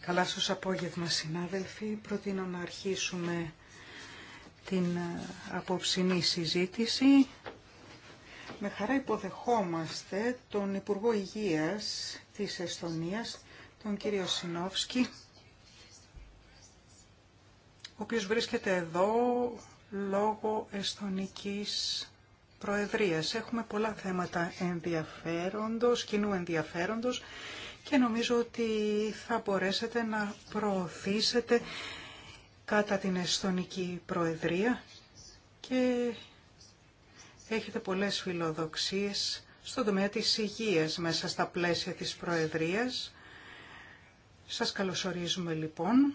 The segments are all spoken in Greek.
Καλά σας απόγευμα συνάδελφοι. Προτείνω να αρχίσουμε την ε, απόψινή συζήτηση. Με χαρά υποδεχόμαστε τον Υπουργό Υγείας της Εστονίας, τον κύριο Σινόφσκι, ο οποίος βρίσκεται εδώ λόγω εστονικής Προεδρίας. Έχουμε πολλά θέματα ενδιαφέροντος, κοινού ενδιαφέροντος και νομίζω ότι θα μπορέσετε να προωθήσετε κατά την Εστονική Προεδρία και έχετε πολλές φιλοδοξίες στον τομέα της υγείας μέσα στα πλαίσια της Προεδρίας. Σας καλωσορίζουμε λοιπόν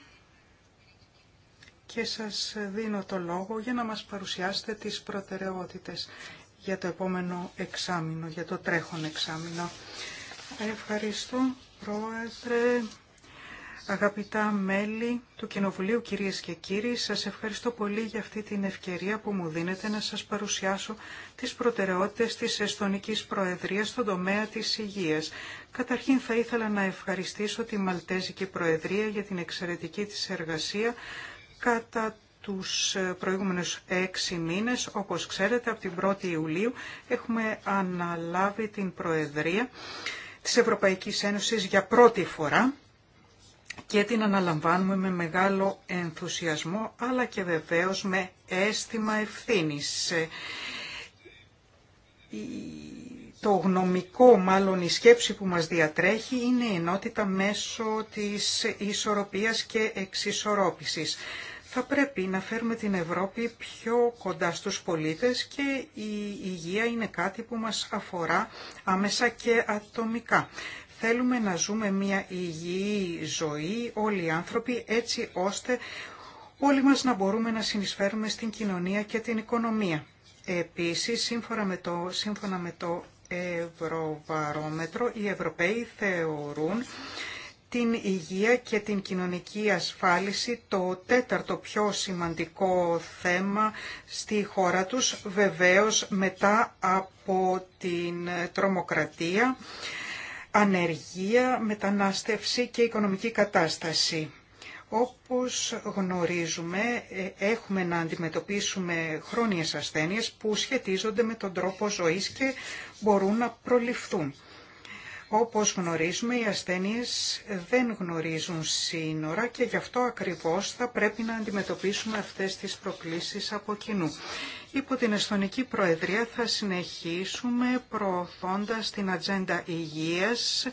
και σας δίνω το λόγο για να μας παρουσιάσετε τις προτεραιότητες για το επόμενο εξάμεινο, για το τρέχον εξάμεινο. Ευχαριστώ, Πρόεδρε, αγαπητά μέλη του Κοινοβουλίου, κυρίες και κύριοι. Σας ευχαριστώ πολύ για αυτή την ευκαιρία που μου δίνετε να σας παρουσιάσω τις προτεραιότητες της Εστονικής Προεδρίας στον τομέα της υγείας. Καταρχήν θα ήθελα να ευχαριστήσω τη Μαλτέζικη Προεδρία για την εξαιρετική της εργασία κατά τους ε, προηγούμενους έξι μήνες, όπως ξέρετε, από την 1η Ιουλίου έχουμε αναλάβει την Προεδρία της Ευρωπαϊκής Ένωσης για πρώτη φορά και την αναλαμβάνουμε με μεγάλο ενθουσιασμό, αλλά και βεβαίως με αίσθημα ευθύνης. Ε, το γνωμικό, μάλλον η σκέψη που μας διατρέχει, είναι η ενότητα μέσω της ισορροπίας και εξισορρόπησης θα πρέπει να φέρουμε την Ευρώπη πιο κοντά στους πολίτες και η υγεία είναι κάτι που μας αφορά άμεσα και ατομικά. Θέλουμε να ζούμε μια υγιή ζωή όλοι οι άνθρωποι έτσι ώστε όλοι μας να μπορούμε να συνεισφέρουμε στην κοινωνία και την οικονομία. Επίσης, σύμφωνα με το, σύμφωνα με το Ευρωβαρόμετρο, οι Ευρωπαίοι θεωρούν την υγεία και την κοινωνική ασφάλιση, το τέταρτο πιο σημαντικό θέμα στη χώρα τους, βεβαίως μετά από την τρομοκρατία, ανεργία, μετανάστευση και οικονομική κατάσταση. Όπως γνωρίζουμε, ε, έχουμε να αντιμετωπίσουμε χρόνιες ασθένειες που σχετίζονται με τον τρόπο ζωής και μπορούν να προληφθούν. Όπως γνωρίζουμε, οι ασθένειες δεν γνωρίζουν σύνορα και γι' αυτό ακριβώς θα πρέπει να αντιμετωπίσουμε αυτές τις προκλήσεις από κοινού. Υπό την Εσθονική Προεδρία θα συνεχίσουμε προωθώντας την ατζέντα υγείας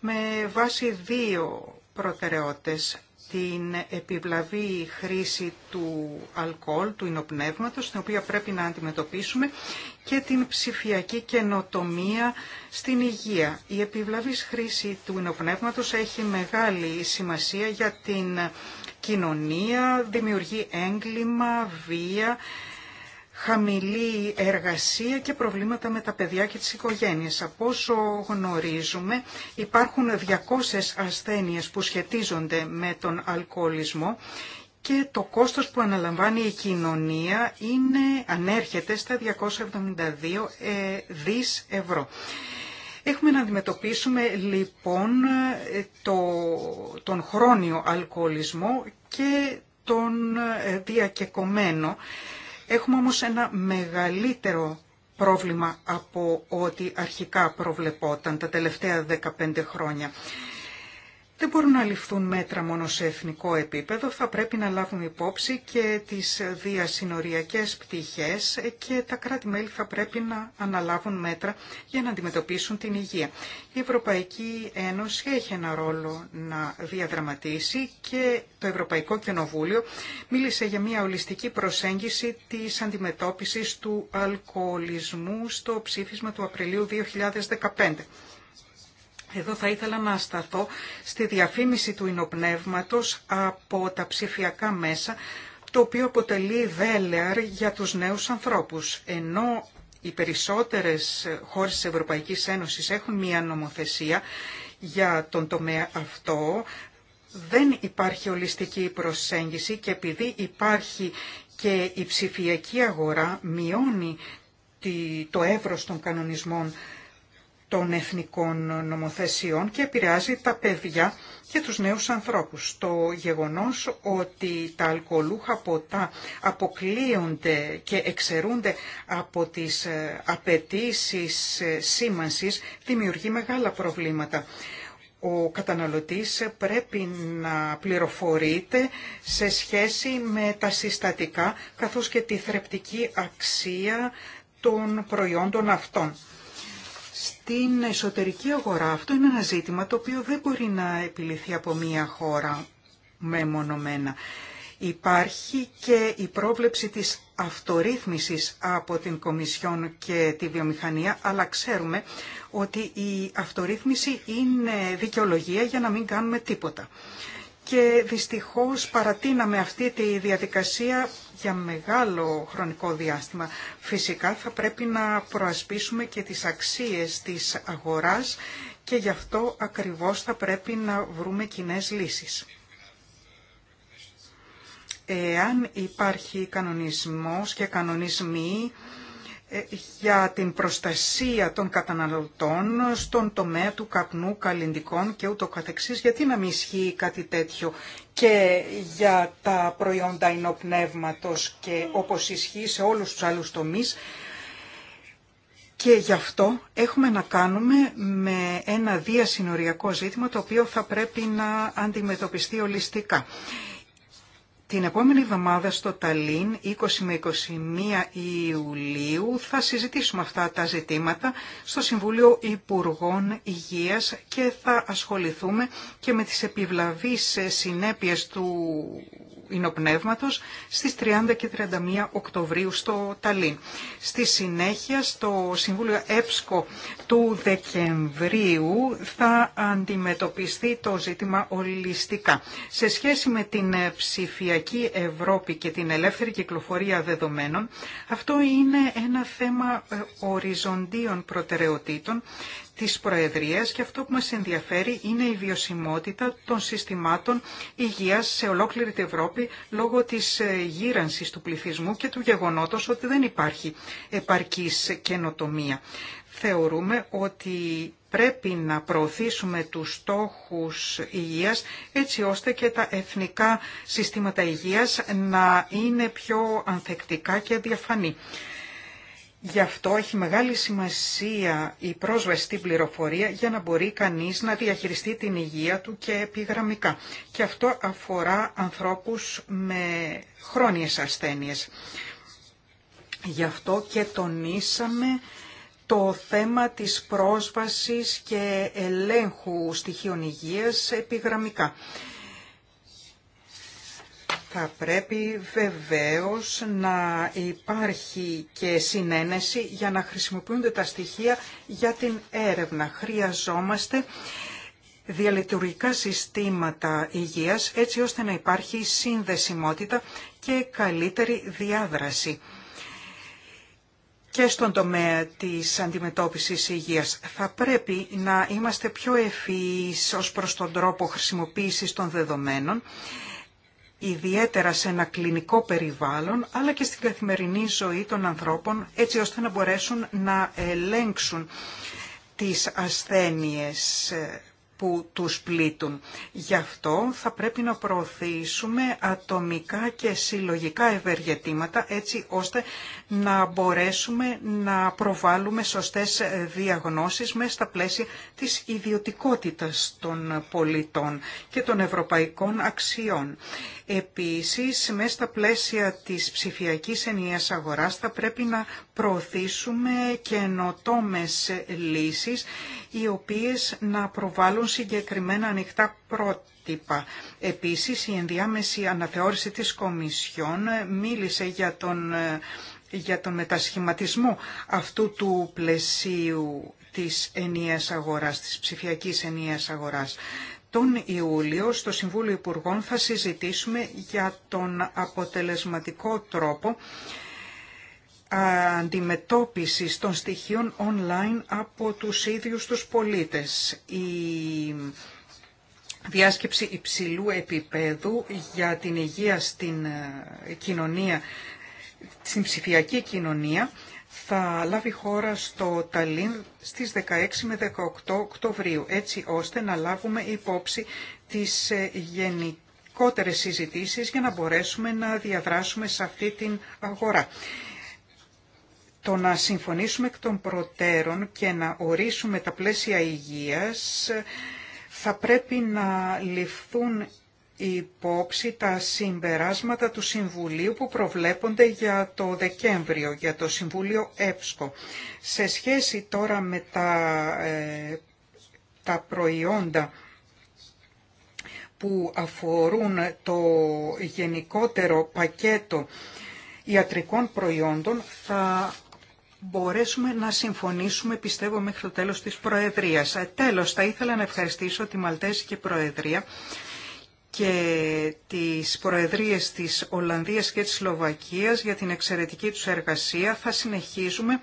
με βάση δύο προτεραιότητες την επιβλαβή χρήση του αλκοόλ, του ινοπνεύματος, την οποία πρέπει να αντιμετωπίσουμε, και την ψηφιακή καινοτομία στην υγεία. Η επιβλαβής χρήση του ινοπνεύματος έχει μεγάλη σημασία για την κοινωνία, δημιουργεί έγκλημα, βία, χαμηλή εργασία και προβλήματα με τα παιδιά και τις οικογένειες. Από όσο γνωρίζουμε υπάρχουν 200 ασθένειες που σχετίζονται με τον αλκοολισμό και το κόστος που αναλαμβάνει η κοινωνία είναι, ανέρχεται στα 272 ε, δις ευρώ. Έχουμε να αντιμετωπίσουμε λοιπόν ε, το, τον χρόνιο αλκοολισμό και τον ε, διακεκομένο Έχουμε όμως ένα μεγαλύτερο πρόβλημα από ό,τι αρχικά προβλεπόταν τα τελευταία 15 χρόνια δεν μπορούν να ληφθούν μέτρα μόνο σε εθνικό επίπεδο, θα πρέπει να λάβουν υπόψη και τις διασυνοριακές πτυχές και τα κράτη-μέλη θα πρέπει να αναλάβουν μέτρα για να αντιμετωπίσουν την υγεία. Η Ευρωπαϊκή Ένωση έχει ένα ρόλο να διαδραματίσει και το Ευρωπαϊκό Κοινοβούλιο μίλησε για μια ολιστική προσέγγιση της αντιμετώπισης του αλκοολισμού στο ψήφισμα του Απριλίου 2015. Εδώ θα ήθελα να σταθώ στη διαφήμιση του ινοπνεύματος από τα ψηφιακά μέσα, το οποίο αποτελεί δέλεαρ για τους νέους ανθρώπους. Ενώ οι περισσότερες χώρες της Ευρωπαϊκής Ένωσης έχουν μία νομοθεσία για τον τομέα αυτό, δεν υπάρχει ολιστική προσέγγιση και επειδή υπάρχει και η ψηφιακή αγορά μειώνει το εύρος των κανονισμών των εθνικών νομοθεσιών και επηρεάζει τα παιδιά και τους νέους ανθρώπους. Το γεγονός ότι τα αλκοολούχα ποτά αποκλείονται και εξαιρούνται από τις ε, απαιτήσει ε, σήμανσης δημιουργεί μεγάλα προβλήματα. Ο καταναλωτής πρέπει να πληροφορείται σε σχέση με τα συστατικά καθώς και τη θρεπτική αξία των προϊόντων αυτών. Στην εσωτερική αγορά αυτό είναι ένα ζήτημα το οποίο δεν μπορεί να επιληθεί από μία χώρα μεμονωμένα. Υπάρχει και η πρόβλεψη της αυτορύθμισης από την Κομισιόν και τη βιομηχανία, αλλά ξέρουμε ότι η αυτορύθμιση είναι δικαιολογία για να μην κάνουμε τίποτα. Και δυστυχώς παρατείναμε αυτή τη διαδικασία για μεγάλο χρονικό διάστημα. Φυσικά θα πρέπει να προασπίσουμε και τις αξίες της αγοράς και γι' αυτό ακριβώς θα πρέπει να βρούμε κοινέ λύσεις. Εάν υπάρχει κανονισμός και κανονισμοί ε, για την προστασία των καταναλωτών στον τομέα του καπνού, καλλιντικών και ούτω καθεξής. Γιατί να μην ισχύει κάτι τέτοιο και για τα προϊόντα εινοπνεύματος και όπως ισχύει σε όλους τους άλλους τομείς. Και γι' αυτό έχουμε να κάνουμε με ένα διασυνοριακό ζήτημα το οποίο θα πρέπει να αντιμετωπιστεί ολιστικά. Την επόμενη εβδομάδα στο Ταλίν, 20 με 21 Ιουλίου, θα συζητήσουμε αυτά τα ζητήματα στο Συμβούλιο Υπουργών Υγείας και θα ασχοληθούμε και με τις επιβλαβείς συνέπειες του Ινοπνεύματος στις 30 και 31 Οκτωβρίου στο Ταλίν. Στη συνέχεια στο Συμβούλιο ΕΠΣΚΟ του Δεκεμβρίου θα αντιμετωπιστεί το ζήτημα ολιστικά. Σε σχέση με την ψηφιακή Ευρώπη και την ελεύθερη κυκλοφορία δεδομένων, αυτό είναι ένα θέμα ε, οριζοντίων προτεραιοτήτων της Προεδρίας και αυτό που μας ενδιαφέρει είναι η βιωσιμότητα των συστημάτων υγείας σε ολόκληρη την Ευρώπη λόγω της ε, γύρανσης του πληθυσμού και του γεγονότος ότι δεν υπάρχει επαρκής καινοτομία. Θεωρούμε ότι πρέπει να προωθήσουμε τους στόχους υγείας έτσι ώστε και τα εθνικά συστήματα υγείας να είναι πιο ανθεκτικά και διαφανή. Γι' αυτό έχει μεγάλη σημασία η πρόσβαση στην πληροφορία για να μπορεί κανείς να διαχειριστεί την υγεία του και επιγραμμικά. Και αυτό αφορά ανθρώπους με χρόνιες ασθένειες. Γι' αυτό και τονίσαμε το θέμα της πρόσβασης και ελέγχου στοιχείων υγείας επιγραμμικά. Θα πρέπει βεβαίως να υπάρχει και συνένεση για να χρησιμοποιούνται τα στοιχεία για την έρευνα. Χρειαζόμαστε διαλειτουργικά συστήματα υγείας έτσι ώστε να υπάρχει συνδεσιμότητα και καλύτερη διάδραση και στον τομέα της αντιμετώπισης υγείας. Θα πρέπει να είμαστε πιο ευφυείς ως προς τον τρόπο χρησιμοποίησης των δεδομένων ιδιαίτερα σε ένα κλινικό περιβάλλον, αλλά και στην καθημερινή ζωή των ανθρώπων, έτσι ώστε να μπορέσουν να ελέγξουν τις ασθένειες ε, που τους πλήττουν. Γι' αυτό θα πρέπει να προωθήσουμε ατομικά και συλλογικά ευεργετήματα έτσι ώστε να μπορέσουμε να προβάλλουμε σωστές διαγνώσεις μέσα στα πλαίσια της ιδιωτικότητας των πολιτών και των ευρωπαϊκών αξιών. Επίσης, μέσα στα πλαίσια της ψηφιακής ενιαίας αγοράς θα πρέπει να προωθήσουμε καινοτόμες λύσεις οι οποίες να προβάλλουν συγκεκριμένα ανοιχτά πρότυπα. Επίσης, η ενδιάμεση αναθεώρηση της Κομισιόν μίλησε για τον, για τον μετασχηματισμό αυτού του πλαισίου της ενιαίας αγοράς, της ψηφιακής ενιαίας αγοράς. Τον Ιούλιο στο Συμβούλιο Υπουργών θα συζητήσουμε για τον αποτελεσματικό τρόπο αντιμετώπισης των στοιχείων online από τους ίδιους τους πολίτες. Η διάσκεψη υψηλού επίπεδου για την υγεία στην ε, κοινωνία, στην ψηφιακή κοινωνία, θα λάβει χώρα στο Ταλίν στις 16 με 18 Οκτωβρίου, έτσι ώστε να λάβουμε υπόψη τις ε, γενικότερες συζητήσεις για να μπορέσουμε να διαδράσουμε σε αυτή την αγορά το να συμφωνήσουμε εκ των προτέρων και να ορίσουμε τα πλαίσια υγείας θα πρέπει να ληφθούν υπόψη τα συμπεράσματα του Συμβουλίου που προβλέπονται για το Δεκέμβριο, για το Συμβούλιο ΕΠΣΚΟ. Σε σχέση τώρα με τα, ε, τα προϊόντα που αφορούν το γενικότερο πακέτο ιατρικών προϊόντων, θα μπορέσουμε να συμφωνήσουμε, πιστεύω, μέχρι το τέλος της Προεδρίας. Ε, τέλος, θα ήθελα να ευχαριστήσω τη Μαλτέζικη Προεδρία και τις Προεδρίες της Ολλανδίας και της Σλοβακίας για την εξαιρετική τους εργασία. Θα συνεχίζουμε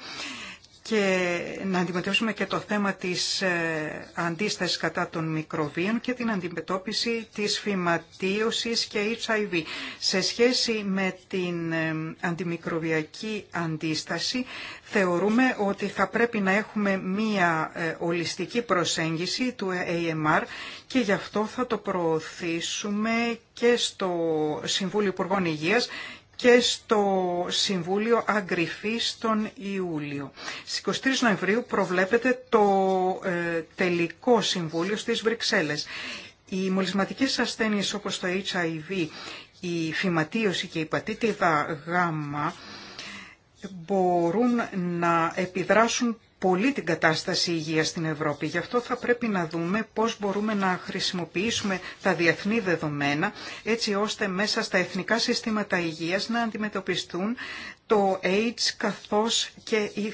και να αντιμετωπίσουμε και το θέμα της ε, αντίστασης κατά των μικροβίων και την αντιμετώπιση της φυματίωσης και HIV. Σε σχέση με την ε, αντιμικροβιακή αντίσταση θεωρούμε ότι θα πρέπει να έχουμε μία ε, ολιστική προσέγγιση του AMR και γι' αυτό θα το προωθήσουμε και στο Συμβούλιο Υπουργών Υγείας και στο Συμβούλιο Αγκριφή τον Ιούλιο. Στι 23 Νοεμβρίου προβλέπεται το ε, τελικό Συμβούλιο στις Βρυξέλλες. Οι μολυσματικές ασθένειες όπως το HIV, η φυματίωση και η πατήτηδα γάμα ε, μπορούν να επιδράσουν πολύ την κατάσταση υγείας στην Ευρώπη. Γι' αυτό θα πρέπει να δούμε πώς μπορούμε να χρησιμοποιήσουμε τα διεθνή δεδομένα έτσι ώστε μέσα στα εθνικά συστήματα υγείας να αντιμετωπιστούν το AIDS καθώς και η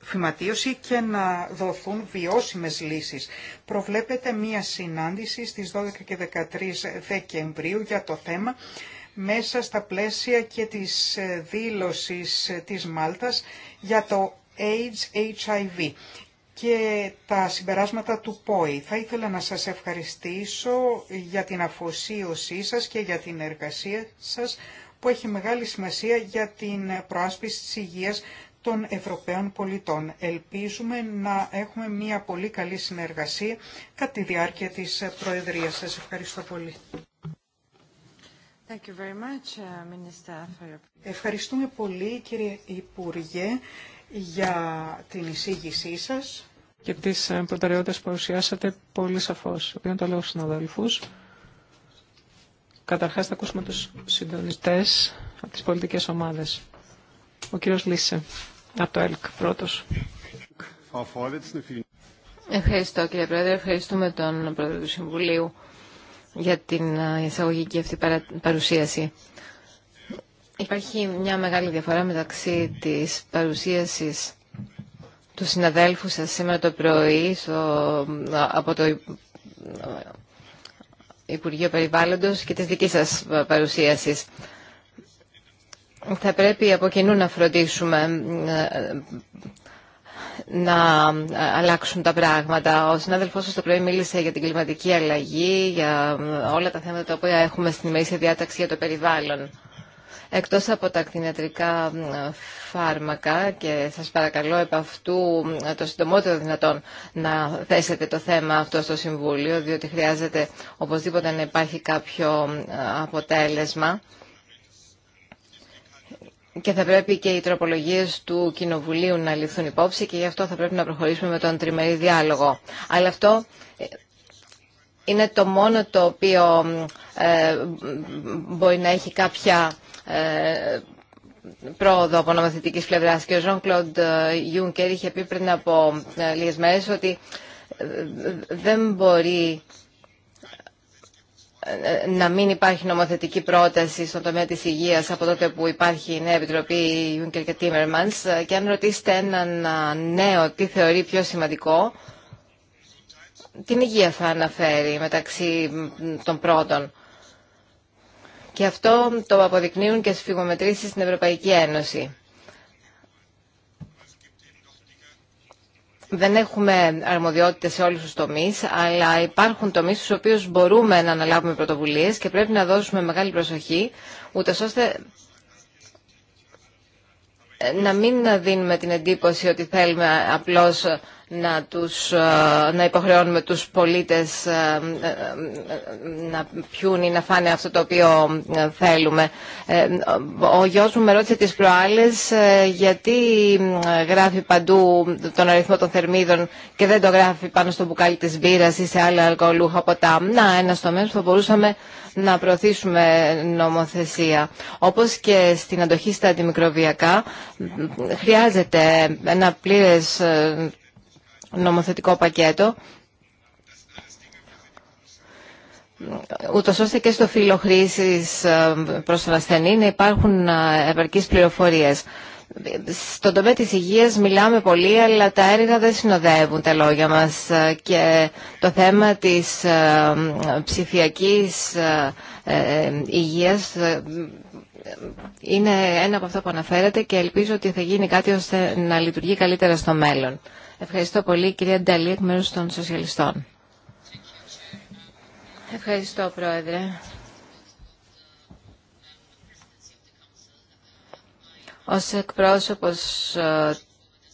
φυματίωση και να δοθούν βιώσιμες λύσεις. Προβλέπεται μία συνάντηση στις 12 και 13 Δεκεμβρίου για το θέμα μέσα στα πλαίσια και της ε, δήλωσης ε, της Μάλτας για το AIDS HIV και τα συμπεράσματα του ΠΟΗ. Θα ήθελα να σας ευχαριστήσω για την αφοσίωσή σας και για την εργασία σας που έχει μεγάλη σημασία για την προάσπιση της υγείας των Ευρωπαίων πολιτών. Ελπίζουμε να έχουμε μια πολύ καλή συνεργασία κατά τη διάρκεια της Προεδρίας. Σας ευχαριστώ πολύ. Uh, Ευχαριστούμε πολύ κύριε Υπουργέ για την εισήγησή σας και τις ε, προτεραιότητες που παρουσιάσατε πολύ σαφώς. Δίνω το λέω στους συναδέλφους. Καταρχάς θα ακούσουμε τους συντονιστές από τις πολιτικές ομάδες. Ο κύριος Λίσε από το ΕΛΚ πρώτος. Ευχαριστώ κύριε Πρόεδρε, ευχαριστούμε τον Πρόεδρο του Συμβουλίου για την ε, εισαγωγική αυτή παρουσίαση. Υπάρχει μια μεγάλη διαφορά μεταξύ της παρουσίασης του συναδέλφου σας σήμερα το πρωί από το Υπουργείο Περιβάλλοντος και της δικής σας παρουσίασης. Θα πρέπει από κοινού να φροντίσουμε ε, να αλλάξουν τα πράγματα. Ο συνάδελφός σας το πρωί μίλησε για την κλιματική αλλαγή, για όλα τα θέματα τα οποία έχουμε στην ημερήσια διάταξη για το περιβάλλον. Εκτός από τα κτηνιατρικά φάρμακα και σας παρακαλώ επ' αυτού το συντομότερο δυνατόν να θέσετε το θέμα αυτό στο Συμβούλιο διότι χρειάζεται οπωσδήποτε να υπάρχει κάποιο αποτέλεσμα και θα πρέπει και οι τροπολογίες του Κοινοβουλίου να ληφθούν υπόψη και γι' αυτό θα πρέπει να προχωρήσουμε με τον τριμερή διάλογο. Αλλά αυτό ε, είναι το μόνο το οποίο ε, μπορεί να έχει κάποια ε, πρόοδο από νομοθετική πλευρά. Και ο Ζων Κλοντ Ιούνκερ είχε πει πριν από ε, λίγε μέρε ότι ε, δεν μπορεί να μην υπάρχει νομοθετική πρόταση στον τομέα της υγείας από τότε που υπάρχει η νέα επιτροπή Juncker και Timmermans και αν ρωτήσετε έναν νέο τι θεωρεί πιο σημαντικό, την υγεία θα αναφέρει μεταξύ των πρώτων. Και αυτό το αποδεικνύουν και στις φυγομετρήσεις στην Ευρωπαϊκή Ένωση. Δεν έχουμε αρμοδιότητες σε όλους τους τομείς, αλλά υπάρχουν τομείς στους οποίους μπορούμε να αναλάβουμε πρωτοβουλίες και πρέπει να δώσουμε μεγάλη προσοχή, ούτω ώστε να μην δίνουμε την εντύπωση ότι θέλουμε απλώς ε, να, υποχρεώνουμε τους πολίτες ε, ε, να πιούν ή να φάνε αυτό το οποίο θέλουμε. Ο γιος μου με ρώτησε τις προάλλες γιατί γράφει παντού τον αριθμό των θερμίδων και δεν το γράφει πάνω στο μπουκάλι της μπύρας ή σε άλλα αλκοολούχα ποτά. Να, ένα τομέα που θα μπορούσαμε να προωθήσουμε νομοθεσία. Όπως και στην αντοχή στα αντιμικροβιακά, χρειάζεται ένα πλήρες νομοθετικό πακέτο ούτως ώστε και στο φύλλο χρήσης ε, προς τον ασθενή να υπάρχουν ε, επαρκείς πληροφορίες. Στον τομέα της υγείας μιλάμε πολύ, αλλά τα έργα δεν συνοδεύουν τα λόγια μας ε, και το θέμα της ψηφιακής υγείας είναι ένα από αυτά που αναφέρατε και ελπίζω ότι θα γίνει κάτι ώστε να λειτουργεί καλύτερα στο μέλλον. Ευχαριστώ πολύ κυρία Νταλή εκ μέρους των Σοσιαλιστών. Ευχαριστώ Πρόεδρε. Ως εκπρόσωπος ε,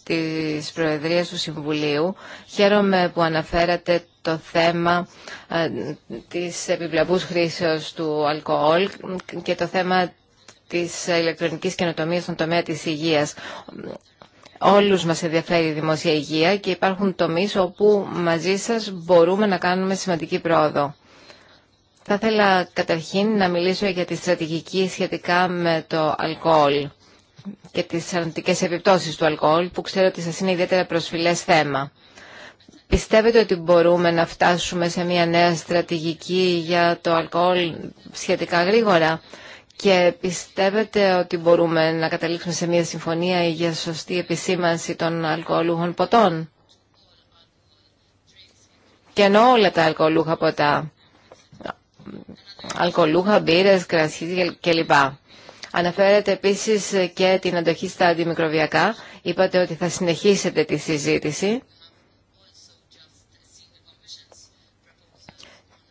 της Προεδρίας του Συμβουλίου. Χαίρομαι που αναφέρατε το θέμα ε, της επιβλαβούς χρήσεως του αλκοόλ και το θέμα της ηλεκτρονικής καινοτομίας στον τομέα της υγείας. Όλους μας ενδιαφέρει η δημόσια υγεία και υπάρχουν τομείς όπου μαζί σας μπορούμε να κάνουμε σημαντική πρόοδο. Θα ήθελα καταρχήν να μιλήσω για τη στρατηγική σχετικά με το αλκοόλ και τις αρνητικές επιπτώσεις του αλκοόλ που ξέρω ότι σας είναι ιδιαίτερα προσφυλές θέμα. Πιστεύετε ότι μπορούμε να φτάσουμε σε μια νέα στρατηγική για το αλκοόλ σχετικά γρήγορα και πιστεύετε ότι μπορούμε να καταλήξουμε σε μια συμφωνία για σωστή επισήμανση των αλκοολούχων ποτών. Και ενώ όλα τα αλκοολούχα ποτά, αλκοολούχα, μπύρες, κρασί κλπ. Αναφέρετε επίσης και την αντοχή στα αντιμικροβιακά. Είπατε ότι θα συνεχίσετε τη συζήτηση.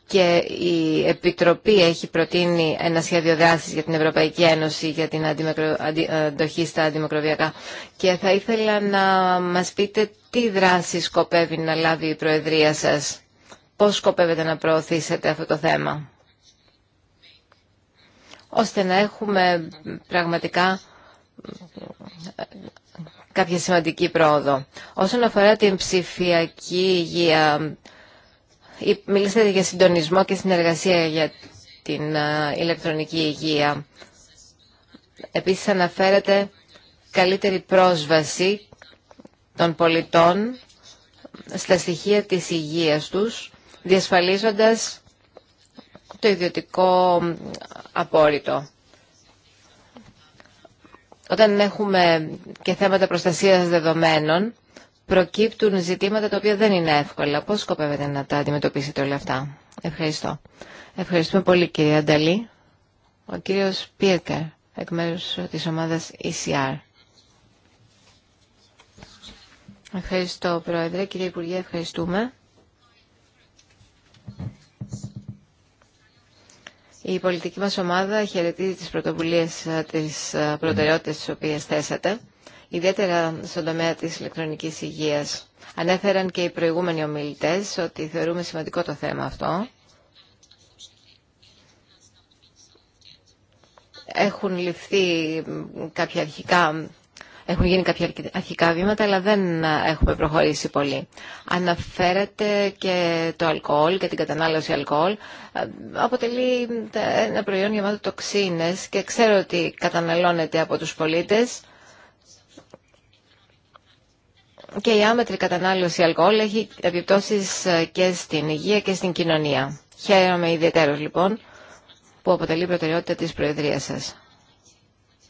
και η Επιτροπή έχει προτείνει ένα σχέδιο δράσης για την Ευρωπαϊκή Ένωση για την αντοχή στα αντιμικροβιακά. Και θα ήθελα να μας πείτε τι δράση σκοπεύει να λάβει η Προεδρία σας. Πώς σκοπεύετε να προωθήσετε αυτό το θέμα. Ώστε να έχουμε πραγματικά ε, κάποια σημαντική πρόοδο. Όσον αφορά την ψηφιακή υγεία, Μιλήσατε για συντονισμό και συνεργασία για την ηλεκτρονική υγεία. Επίσης αναφέρατε καλύτερη πρόσβαση των πολιτών στα στοιχεία της υγείας τους, διασφαλίζοντας το ιδιωτικό απόρριτο. Όταν έχουμε και θέματα προστασίας δεδομένων, προκύπτουν ζητήματα τα οποία δεν είναι εύκολα. Πώς σκοπεύετε να τα αντιμετωπίσετε όλα αυτά. Ευχαριστώ. Ευχαριστούμε πολύ κυρία Ανταλή. Ο κύριος Πίρκερ, εκ μέρους της ομάδας ECR. Ευχαριστώ Πρόεδρε. Κύριε Υπουργέ, ευχαριστούμε. Η πολιτική μας ομάδα χαιρετίζει τις πρωτοβουλίες, ε, τις ε, προτεραιότητες τις οποίες θέσατε ιδιαίτερα στον τομέα της ηλεκτρονικής υγείας. Ανέφεραν και οι προηγούμενοι ομιλητές ότι θεωρούμε σημαντικό το θέμα αυτό. Έχουν ληφθεί κάποια αρχικά έχουν γίνει κάποια αρχικά βήματα, αλλά δεν έχουμε προχωρήσει πολύ. Αναφέρεται και το αλκοόλ και την κατανάλωση αλκοόλ. Αποτελεί ένα προϊόν γεμάτο τοξίνες και ξέρω ότι καταναλώνεται από τους πολίτες και η άμετρη κατανάλωση αλκοόλ έχει επιπτώσεις ε, και στην υγεία και στην κοινωνία. Χαίρομαι ιδιαίτερο λοιπόν που αποτελεί προτεραιότητα της Προεδρίας σας,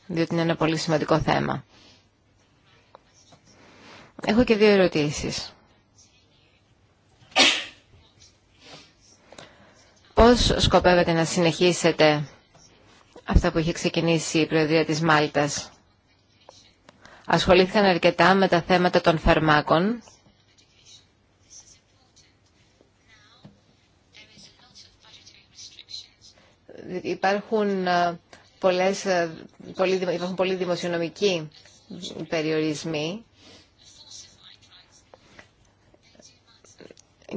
διότι είναι ένα πολύ σημαντικό θέμα. Έχω και δύο ερωτήσεις. Πώς σκοπεύετε να συνεχίσετε αυτά που έχει ξεκινήσει η Προεδρία της Μάλτας ασχολήθηκαν αρκετά με τα θέματα των φαρμάκων. Υπάρχουν, ε, πολλές, ε, πολλοί, υπάρχουν πολλοί δημοσιονομικοί περιορισμοί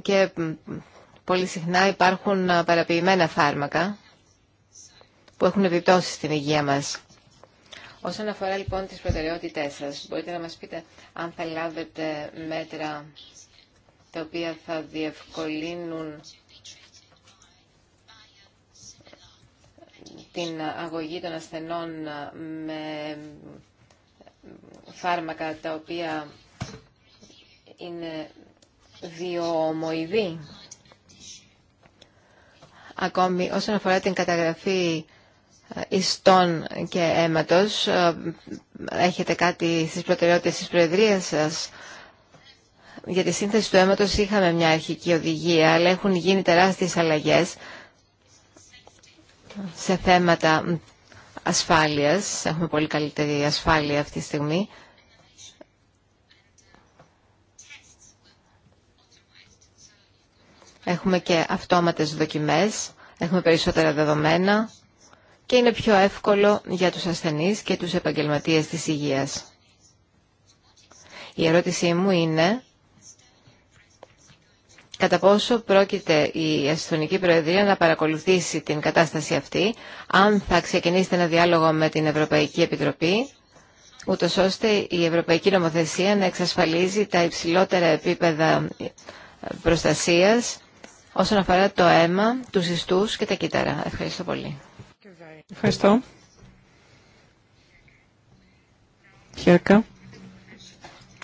και πολύ συχνά υπάρχουν ε, παραποιημένα φάρμακα που έχουν επιπτώσει στην υγεία μας. Όσον αφορά λοιπόν τις προτεραιότητές σας, μπορείτε να μας πείτε αν θα λάβετε μέτρα τα οποία θα διευκολύνουν την αγωγή των ασθενών με φάρμακα τα οποία είναι διοομοειδή. Ακόμη όσον αφορά την καταγραφή ιστών και αίματος. Ε, έχετε κάτι στις προτεραιότητες της Προεδρίας σας. Για τη σύνθεση του αίματος είχαμε μια αρχική οδηγία, αλλά έχουν γίνει τεράστιες αλλαγές σε θέματα ασφάλειας. Έχουμε πολύ καλύτερη ασφάλεια αυτή τη στιγμή. Έχουμε και αυτόματες δοκιμές, έχουμε περισσότερα δεδομένα και είναι πιο εύκολο για τους ασθενείς και τους επαγγελματίες της υγείας. Η ερώτησή μου είναι κατά πόσο πρόκειται η Αστυνομική Προεδρία να παρακολουθήσει την κατάσταση αυτή, αν θα ξεκινήσετε ένα διάλογο με την Ευρωπαϊκή Επιτροπή, ούτω ώστε η Ευρωπαϊκή Νομοθεσία να εξασφαλίζει τα υψηλότερα επίπεδα προστασίας όσον αφορά το αίμα, τους ιστούς και τα κύτταρα. Ευχαριστώ πολύ. Ευχαριστώ. Χέρκα.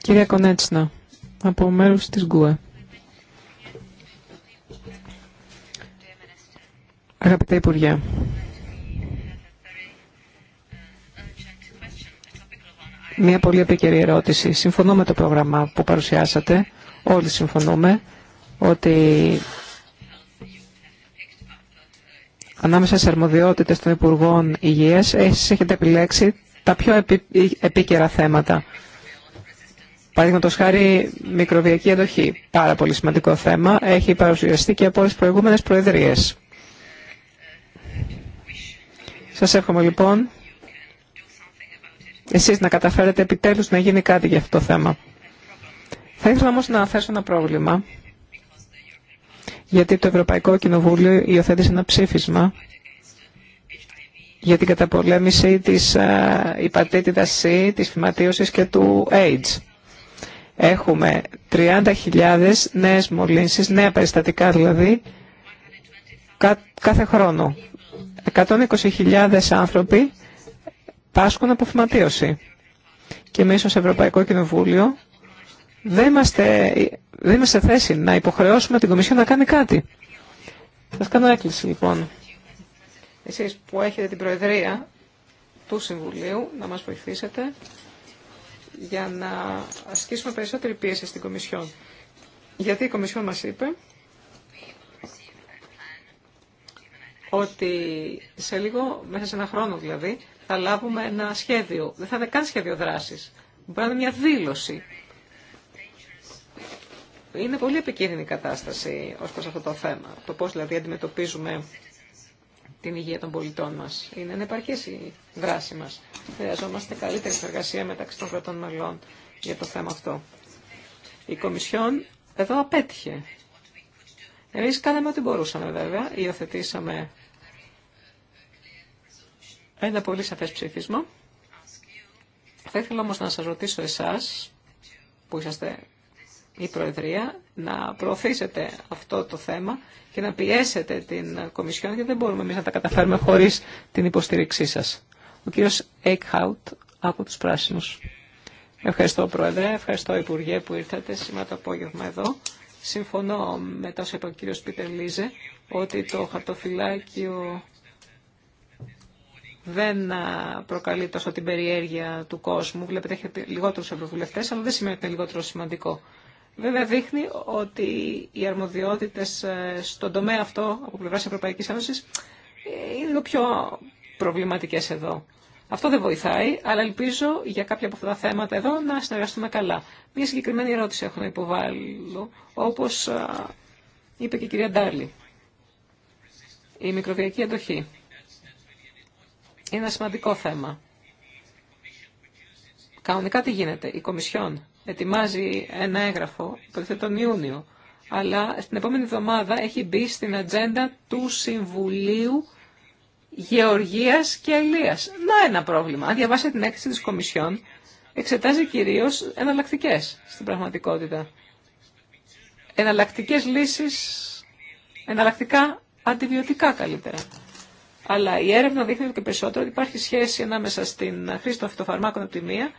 Κυρία Κονέτσνα, από μέρους της ΓΚΟΕ. Αγαπητέ Υπουργέ, μια πολύ επίκαιρη ερώτηση. Συμφωνώ με το πρόγραμμα που παρουσιάσατε. Όλοι συμφωνούμε ότι ανάμεσα σε αρμοδιότητες των Υπουργών Υγείας, εσείς έχετε επιλέξει τα πιο επί... Ε, επίκαιρα θέματα. Παραδείγματο χάρη, μικροβιακή εντοχή. Πάρα πολύ σημαντικό θέμα. Έχει παρουσιαστεί και από τι προηγούμενε προεδρίε. Σα εύχομαι λοιπόν εσεί να καταφέρετε επιτέλου να γίνει κάτι για αυτό το θέμα. Θα ήθελα όμω να θέσω ένα πρόβλημα γιατί το Ευρωπαϊκό Κοινοβούλιο υιοθέτησε ένα ψήφισμα για την καταπολέμηση της υπατήτητας C, της φυματίωσης και του AIDS. Έχουμε 30.000 νέες μολύνσεις, νέα περιστατικά δηλαδή, κάθε χρόνο. 120.000 άνθρωποι πάσχουν από φυματίωση. Και εμείς ως Ευρωπαϊκό Κοινοβούλιο δεν είμαστε, δεν είμαστε θέση να υποχρεώσουμε την Κομισιόν να κάνει κάτι. Θα σας κάνω έκκληση λοιπόν. Εσείς που έχετε την Προεδρία του Συμβουλίου να μας βοηθήσετε για να ασκήσουμε περισσότερη πίεση στην Κομισιόν. Γιατί η Κομισιόν μας είπε ότι σε λίγο, μέσα σε ένα χρόνο δηλαδή, θα λάβουμε ένα σχέδιο. Δεν θα είναι καν σχέδιο δράσης. Μπορεί να είναι μια δήλωση είναι πολύ επικίνδυνη η κατάσταση ως προς αυτό το θέμα. Το πώς δηλαδή αντιμετωπίζουμε την υγεία των πολιτών μας. Είναι ανεπαρκής η δράση μας. Χρειαζόμαστε καλύτερη συνεργασία μεταξύ των κρατών μελών για το θέμα αυτό. Η Κομισιόν εδώ απέτυχε. Εμείς κάναμε ό,τι μπορούσαμε βέβαια. Υιοθετήσαμε ένα πολύ σαφές ψήφισμα. Θα ήθελα όμως να σας ρωτήσω εσάς, που είσαστε η Προεδρία να προωθήσετε αυτό το θέμα και να πιέσετε την Κομισιόν γιατί δεν μπορούμε εμείς να τα καταφέρουμε χωρίς την υποστήριξή σας. Ο κύριος Eichhout από τους Πράσινους. Ευχαριστώ Πρόεδρε, ευχαριστώ Υπουργέ που ήρθατε σήμερα το απόγευμα εδώ. Συμφωνώ με τα όσα είπε ο κύριος Πίτερ Λίζε ότι το χαρτοφυλάκιο δεν προκαλεί τόσο την περιέργεια του κόσμου. Βλέπετε, έχετε λιγότερου ευρωβουλευτέ, αλλά δεν σημαίνει ότι είναι λιγότερο σημαντικό. Βέβαια δείχνει ότι οι αρμοδιότητες ε, στον τομέα αυτό από πλευράς Ευρωπαϊκής Ένωσης ε, είναι λίγο πιο προβληματικές εδώ. Αυτό δεν βοηθάει, αλλά ελπίζω για κάποια από αυτά τα θέματα εδώ να συνεργαστούμε καλά. Μία συγκεκριμένη ερώτηση έχω να υποβάλω, όπως ε, είπε και η κυρία Ντάρλη. Η μικροβιακή αντοχή. Είναι ένα σημαντικό θέμα. Κανονικά τι γίνεται. Η Κομισιόν ετοιμάζει ένα έγγραφο, υποθέτω τον Ιούνιο, αλλά στην επόμενη εβδομάδα έχει μπει στην ατζέντα του Συμβουλίου Γεωργίας και Ελίας. Να ένα πρόβλημα. Αν διαβάσετε την έκθεση της Κομισιόν, εξετάζει κυρίως εναλλακτικέ στην πραγματικότητα. Εναλλακτικέ λύσεις, εναλλακτικά αντιβιωτικά καλύτερα. Αλλά η έρευνα δείχνει και περισσότερο ότι υπάρχει σχέση ανάμεσα στην χρήση των φυτοφαρμάκων από τη μία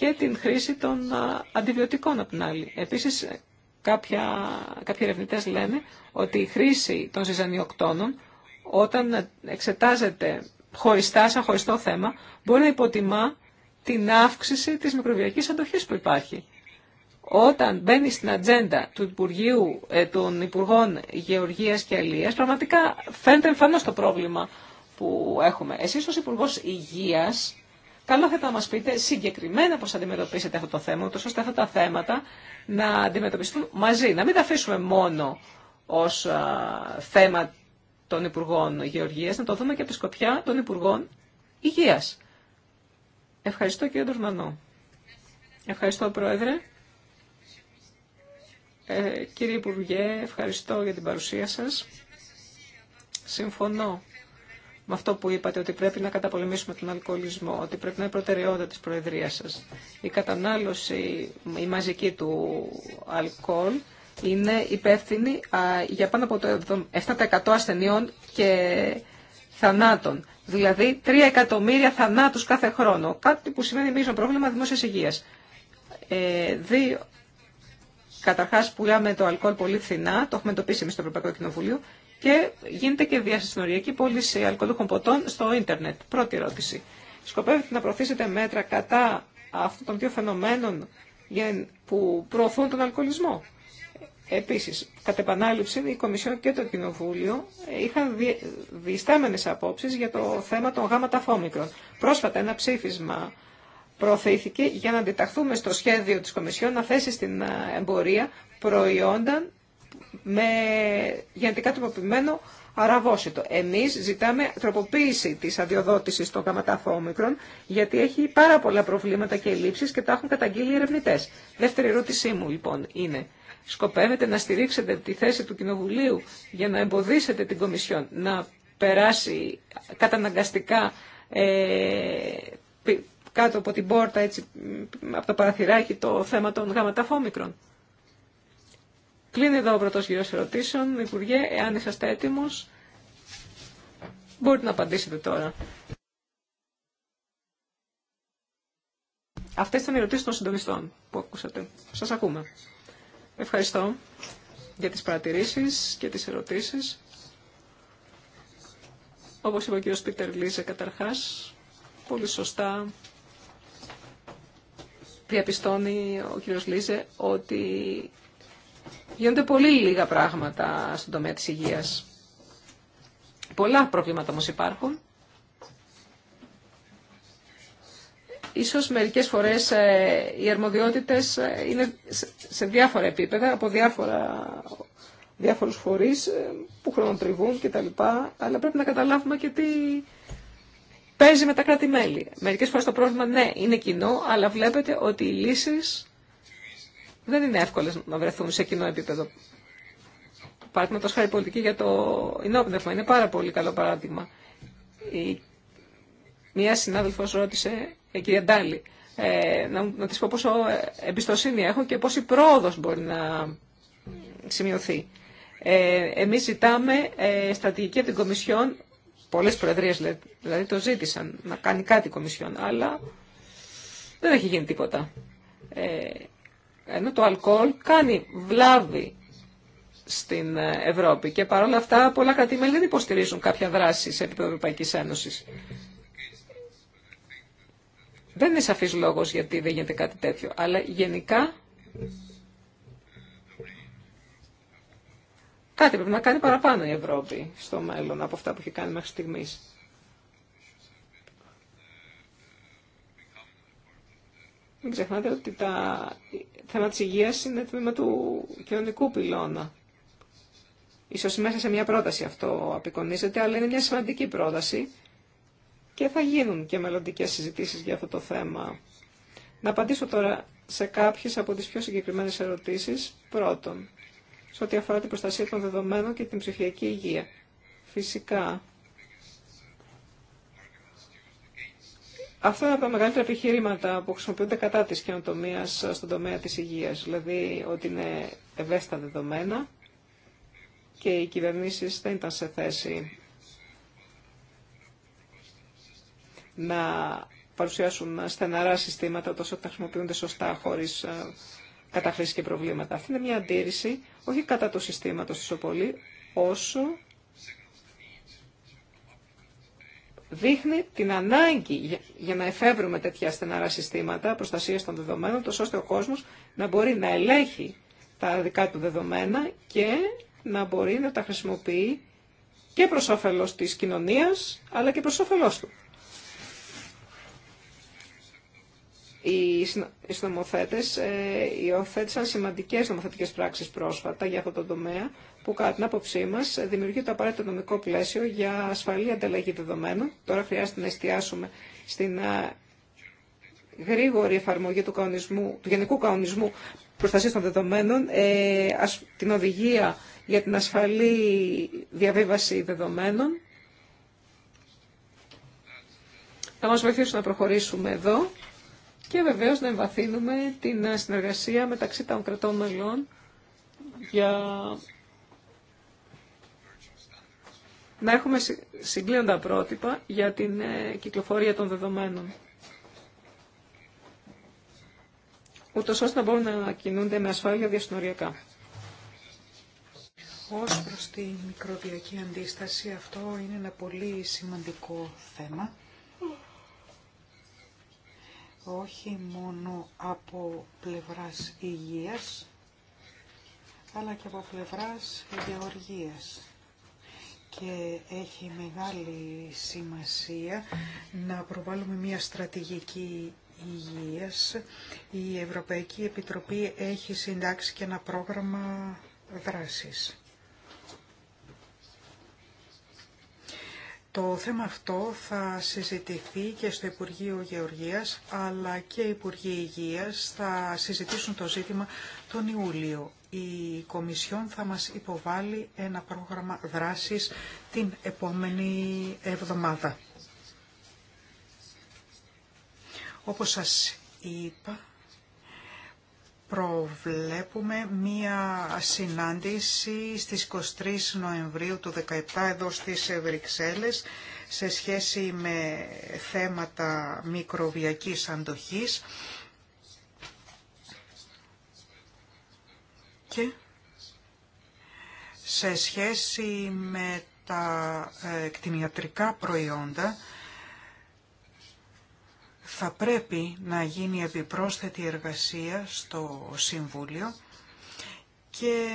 και την χρήση των αντιβιωτικών από την άλλη. Επίσης, κάποια, κάποιοι ερευνητέ λένε ότι η χρήση των ζυζανιοκτώνων όταν εξετάζεται χωριστά, σαν χωριστό θέμα, μπορεί να υποτιμά την αύξηση της μικροβιακής αντοχής που υπάρχει. Όταν μπαίνει στην ατζέντα του Υπουργείου, ε, των Υπουργών Γεωργίας και Αλίας, πραγματικά φαίνεται εμφανώς το πρόβλημα που έχουμε. Εσείς ως Υπουργός Υγείας, Καλό θα ήταν να μα πείτε συγκεκριμένα πώ αντιμετωπίσετε αυτό το θέμα, ούτω ώστε αυτά τα θέματα να αντιμετωπιστούν μαζί. Να μην τα αφήσουμε μόνο ω θέμα των Υπουργών Γεωργίας, να το δούμε και από τη σκοπιά των Υπουργών υγεία. Ευχαριστώ κύριε Ντορμανό. Ευχαριστώ Πρόεδρε. Ε, κύριε Υπουργέ, ευχαριστώ για την παρουσία σας. Συμφωνώ με αυτό που είπατε, ότι πρέπει να καταπολεμήσουμε τον αλκοολισμό, ότι πρέπει να είναι προτεραιότητα της Προεδρίας σας. Η κατανάλωση, η μαζική του αλκοόλ, είναι υπεύθυνη για πάνω από το 7% ασθενειών και θανάτων. Δηλαδή 3 εκατομμύρια θανάτους κάθε χρόνο. Κάτι που σημαίνει μείζον πρόβλημα δημόσιας υγείας. Ε, καταρχάς πουλάμε το αλκοόλ πολύ φθηνά, το έχουμε εντοπίσει εμείς στο Ευρωπαϊκό Κοινοβούλιο και γίνεται και διασυνοριακή πώληση αλκοολούχων ποτών στο ίντερνετ. Πρώτη ερώτηση. Σκοπεύετε να προωθήσετε μέτρα κατά αυτών των δύο φαινομένων που προωθούν τον αλκοολισμό. Επίσης, κατ' επανάληψη, η Κομισιόν και το Κοινοβούλιο είχαν διστάμενες απόψεις για το θέμα των γάμματα φόμικρων. Πρόσφατα ένα ψήφισμα προωθήθηκε για να αντιταχθούμε στο σχέδιο της Κομισιόν να θέσει στην ε, εμπορία προϊόντα με γενετικά τροποποιημένο αραβόσιτο. Εμείς ζητάμε τροποποίηση της αδειοδότησης των γαματαφόμικρων γιατί έχει πάρα πολλά προβλήματα και ελλείψεις και τα έχουν καταγγείλει οι ερευνητές. Δεύτερη ερώτησή μου λοιπόν είναι, σκοπεύετε να στηρίξετε τη θέση του Κοινοβουλίου για να εμποδίσετε την Κομισιόν να περάσει καταναγκαστικά ε, κάτω από την πόρτα, έτσι, από το παραθυράκι, το θέμα των γαματαφόμικρων. Κλείνει εδώ ο πρώτος γύρος ερωτήσεων. Υπουργέ, εάν είσαστε έτοιμος, μπορείτε να απαντήσετε τώρα. Αυτέ ήταν οι ερωτήσει των συντονιστών που ακούσατε. Σα ακούμε. Ευχαριστώ για τι παρατηρήσει και τι ερωτήσει. Όπω είπε ο κ. Πίτερ Λίζε καταρχάς, πολύ σωστά διαπιστώνει ο κ. Λίζε ότι Γίνονται πολύ λίγα πράγματα στον τομέα της υγείας. Πολλά προβλήματα όμως υπάρχουν. Ίσως μερικές φορές ε, οι αρμοδιότητες ε, είναι σε διάφορα επίπεδα, από διάφορα, διάφορους φορείς ε, που χρονοτριβούν κτλ. Αλλά πρέπει να καταλάβουμε και τι παίζει με τα κράτη-μέλη. Μερικές φορές το πρόβλημα ναι είναι κοινό, αλλά βλέπετε ότι οι λύσεις δεν είναι εύκολες να βρεθούν σε κοινό επίπεδο. Παραδείγματο χάρη πολιτική για το ενόπνευμα είναι πάρα πολύ καλό παράδειγμα. Η... Μία συνάδελφο ρώτησε, η ε, κυρία Ντάλη, ε, να, να της πω πόσο εμπιστοσύνη έχω και πόση πρόοδο μπορεί να σημειωθεί. Ε, εμείς ζητάμε ε, στρατηγική από την Κομισιόν, πολλές προεδρίες δηλαδή το ζήτησαν να κάνει κάτι η Κομισιόν, αλλά δεν έχει γίνει τίποτα. Ε, ενώ το αλκοόλ κάνει βλάβη στην ε, Ευρώπη και παρόλα αυτά πολλά κρατήμελη δεν υποστηρίζουν κάποια δράση σε επίπεδο Ευρωπαϊκής Ένωσης. Δεν είναι σαφής λόγος γιατί δεν γίνεται κάτι τέτοιο, αλλά γενικά κάτι πρέπει να κάνει παραπάνω η Ευρώπη στο μέλλον από αυτά που έχει κάνει μέχρι στιγμής. Μην ξεχνάτε ότι τα θέμα τη υγεία είναι τμήμα του κοινωνικού πυλώνα. Ίσως μέσα σε μια πρόταση αυτό απεικονίζεται, αλλά είναι μια σημαντική πρόταση και θα γίνουν και μελλοντικέ συζητήσεις για αυτό το θέμα. Να απαντήσω τώρα σε κάποιες από τις πιο συγκεκριμένες ερωτήσεις. Πρώτον, σε ό,τι αφορά την προστασία των δεδομένων και την ψηφιακή υγεία. Φυσικά, Αυτό είναι από τα μεγαλύτερα επιχειρήματα που χρησιμοποιούνται κατά της καινοτομία στον τομέα της υγείας. Δηλαδή ότι είναι ευαίσθητα δεδομένα και οι κυβερνήσεις δεν ήταν σε θέση να παρουσιάσουν στεναρά συστήματα τόσο ότι τα χρησιμοποιούνται σωστά χωρίς ε, καταχρήσεις και προβλήματα. Αυτή είναι μια αντίρρηση όχι κατά του συστήματος τόσο πολύ όσο δείχνει την ανάγκη για να εφεύρουμε τέτοια στεναρά συστήματα προστασία των δεδομένων, τόσο ώστε ο κόσμος να μπορεί να ελέγχει τα δικά του δεδομένα και να μπορεί να τα χρησιμοποιεί και προς όφελος της κοινωνίας, αλλά και προς όφελός του. οι νομοθέτε ε, υιοθέτησαν σημαντικές νομοθετικές πράξεις πρόσφατα για αυτό το τομέα που κατά την άποψή μας δημιουργεί το απαραίτητο νομικό πλαίσιο για ασφαλή ανταλλαγή δεδομένων. Τώρα χρειάζεται να εστιάσουμε στην γρήγορη εφαρμογή του, κανονισμού, του Γενικού Κανονισμού Προστασίας των Δεδομένων, ε, την οδηγία για την ασφαλή διαβίβαση δεδομένων. Θα μας βοηθήσουν να προχωρήσουμε εδώ και βεβαίως να εμβαθύνουμε την ε, συνεργασία μεταξύ των κρατών μελών για να έχουμε συγκλίνοντα πρότυπα για την ε, κυκλοφορία των δεδομένων. ούτως ώστε να μπορούν να κινούνται με ασφάλεια διασυνοριακά. Ω προς τη μικροβιακή αντίσταση, αυτό είναι ένα πολύ σημαντικό θέμα όχι μόνο από πλευράς υγείας, αλλά και από πλευράς γεωργίας. Και έχει μεγάλη σημασία να προβάλλουμε μια στρατηγική υγείας. Η Ευρωπαϊκή Επιτροπή έχει συντάξει και ένα πρόγραμμα δράσης. Το θέμα αυτό θα συζητηθεί και στο Υπουργείο Γεωργίας, αλλά και οι Υπουργοί Υγείας θα συζητήσουν το ζήτημα τον Ιούλιο. Η Κομισιόν θα μας υποβάλει ένα πρόγραμμα δράσης την επόμενη εβδομάδα. Όπως σας είπα, προβλέπουμε μία συνάντηση στις 23 Νοεμβρίου του 2017 εδώ στις Βρυξέλλες σε σχέση με θέματα μικροβιακής αντοχής και σε σχέση με τα ε, κτηνιατρικά προϊόντα θα πρέπει να γίνει επιπρόσθετη εργασία στο Συμβούλιο και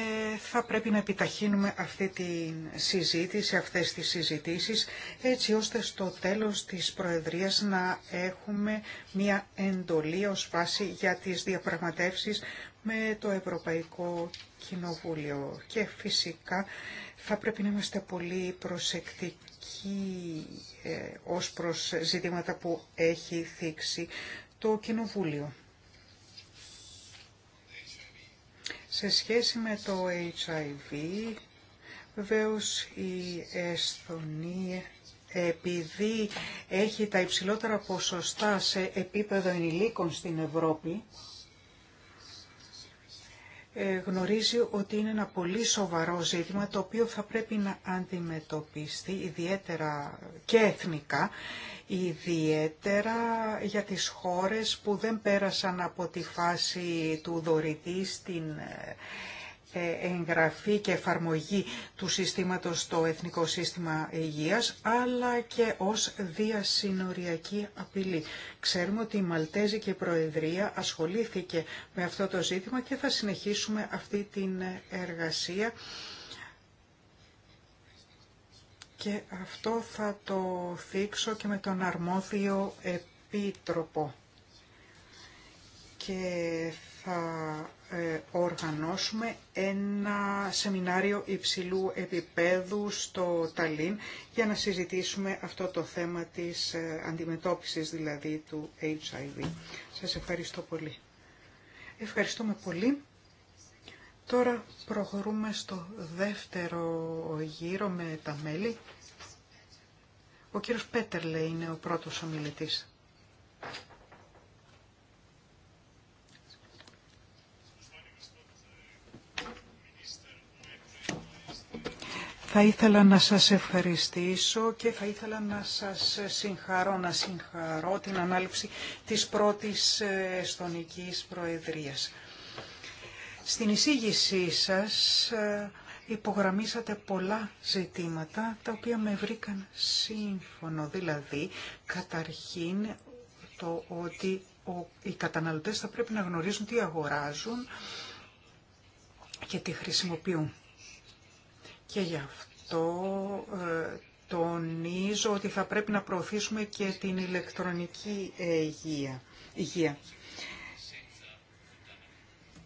θα πρέπει να επιταχύνουμε αυτή τη συζήτηση, αυτές τις συζητήσεις, έτσι ώστε στο τέλος της Προεδρίας να έχουμε μια εντολή ως βάση για τις διαπραγματεύσεις με το Ευρωπαϊκό Κοινοβούλιο. Και φυσικά θα πρέπει να είμαστε πολύ προσεκτικοί ω ε, ως προς ζητήματα που έχει θίξει το Κοινοβούλιο. Σε σχέση με το HIV, βεβαίω η Εσθονία επειδή έχει τα υψηλότερα ποσοστά σε επίπεδο ενηλίκων στην Ευρώπη, ε, γνωρίζει ότι είναι ένα πολύ σοβαρό ζήτημα το οποίο θα πρέπει να αντιμετωπιστεί ιδιαίτερα και εθνικά, ιδιαίτερα για τις χώρες που δεν πέρασαν από τη φάση του δωρητή στην ε, ε, εγγραφή και εφαρμογή του συστήματος στο Εθνικό Σύστημα Υγείας, αλλά και ως διασυνοριακή απειλή. Ξέρουμε ότι η Μαλτέζικη Προεδρία ασχολήθηκε με αυτό το ζήτημα και θα συνεχίσουμε αυτή την εργασία. Και αυτό θα το θίξω και με τον αρμόδιο επίτροπο. Και θα ε, οργανώσουμε ένα σεμινάριο υψηλού επίπεδου στο Ταλίν για να συζητήσουμε αυτό το θέμα της ε, αντιμετώπισης δηλαδή του HIV. Σας ευχαριστώ πολύ. Ευχαριστούμε πολύ. Τώρα προχωρούμε στο δεύτερο γύρο με τα μέλη. Ο κύριος Πέτερλε είναι ο πρώτος ομιλητής. Θα ήθελα να σας ευχαριστήσω και θα ήθελα να σας συγχαρώ, να συγχαρώ την ανάληψη της πρώτης ε, Εστονικής Προεδρίας. Στην εισήγησή σας ε, υπογραμμίσατε πολλά ζητήματα τα οποία με βρήκαν σύμφωνο, δηλαδή καταρχήν το ότι οι καταναλωτές θα πρέπει να γνωρίζουν τι αγοράζουν και τι χρησιμοποιούν. Και γι' αυτό ε, τονίζω ότι θα πρέπει να προωθήσουμε και την ηλεκτρονική ε, υγεία. υγεία.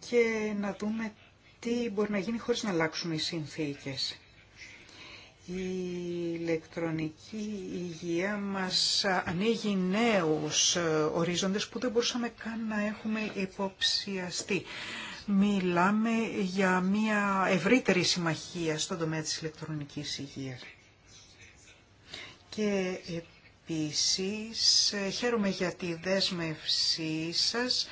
Και να δούμε τι μπορεί να γίνει χωρίς να αλλάξουν οι συνθήκες. Η ηλεκτρονική υγεία μας ανοίγει νέους ε, ορίζοντες που δεν μπορούσαμε καν να έχουμε υποψιαστεί. Μιλάμε για μια ευρύτερη συμμαχία στον τομέα της ηλεκτρονικής υγείας. Και επίσης ε, χαίρομαι για τη δέσμευσή σας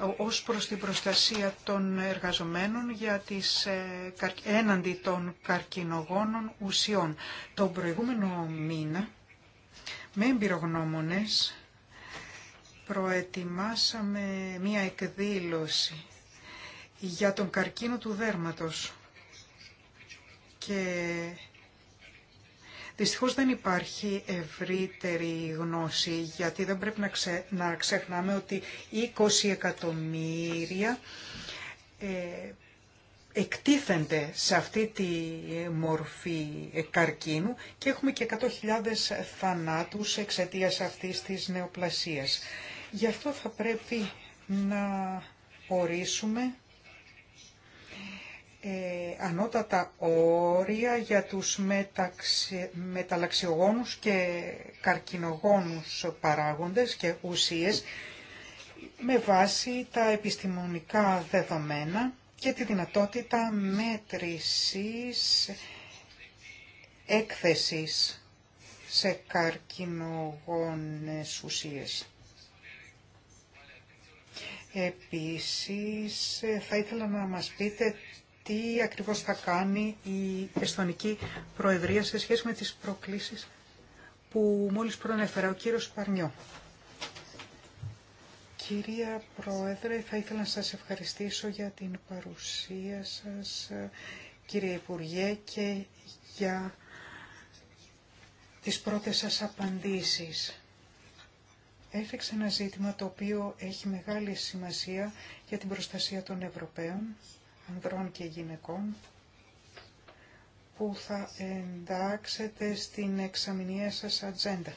ε, ως προς την προστασία των εργαζομένων για τις, ε, έναντι των καρκινογόνων ουσιών. Τον προηγούμενο μήνα με εμπειρογνώμονες προετοιμάσαμε μία εκδήλωση για τον καρκίνο του δέρματος. Και δυστυχώς δεν υπάρχει ευρύτερη γνώση, γιατί δεν πρέπει να, να ξεχνάμε ότι 20 εκατομμύρια ε, εκτίθενται σε αυτή τη μορφή καρκίνου και έχουμε και 100.000 θανάτους εξαιτίας αυτής της νεοπλασίας. Γι' αυτό θα πρέπει να ορίσουμε ε, ανώτατα όρια για τους μεταξε, μεταλλαξιογόνους και καρκινογόνους παράγοντες και ουσίες με βάση τα επιστημονικά δεδομένα και τη δυνατότητα μέτρησης έκθεσης σε καρκινογόνες ουσίες. Επίσης, θα ήθελα να μας πείτε τι ακριβώς θα κάνει η Εσθονική Προεδρία σε σχέση με τις προκλήσεις που μόλις προανέφερα ο κύριος Παρνιό. Κυρία Πρόεδρε, θα ήθελα να σας ευχαριστήσω για την παρουσία σας, κύριε Υπουργέ, και για τις πρώτες σας απαντήσεις. Έφεξε ένα ζήτημα το οποίο έχει μεγάλη σημασία για την προστασία των Ευρωπαίων ανδρών και γυναικών που θα εντάξετε στην εξαμηνία σας ατζέντα.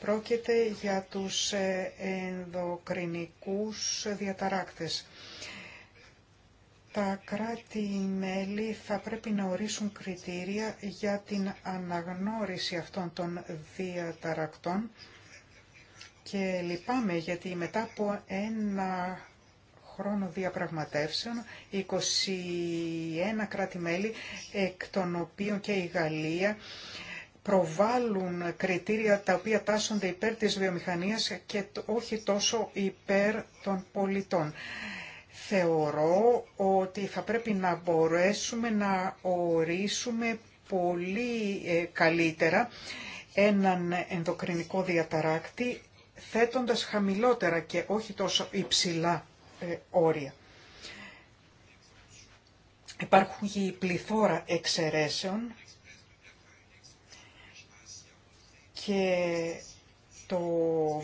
Πρόκειται για τους ε, ενδοκρινικούς διαταράκτες. Τα κράτη-μέλη θα πρέπει να ορίσουν κριτήρια για την αναγνώριση αυτών των διαταρακτών και λυπάμαι γιατί μετά από ένα χρόνο διαπραγματεύσεων 21 κράτη-μέλη, εκ των οποίων και η Γαλλία, προβάλλουν κριτήρια τα οποία τάσσονται υπέρ της βιομηχανίας και όχι τόσο υπέρ των πολιτών. Θεωρώ ότι θα πρέπει να μπορέσουμε να ορίσουμε πολύ ε, καλύτερα έναν ενδοκρινικό διαταράκτη θέτοντας χαμηλότερα και όχι τόσο υψηλά ε, όρια. Υπάρχουν η πληθώρα εξαιρέσεων και το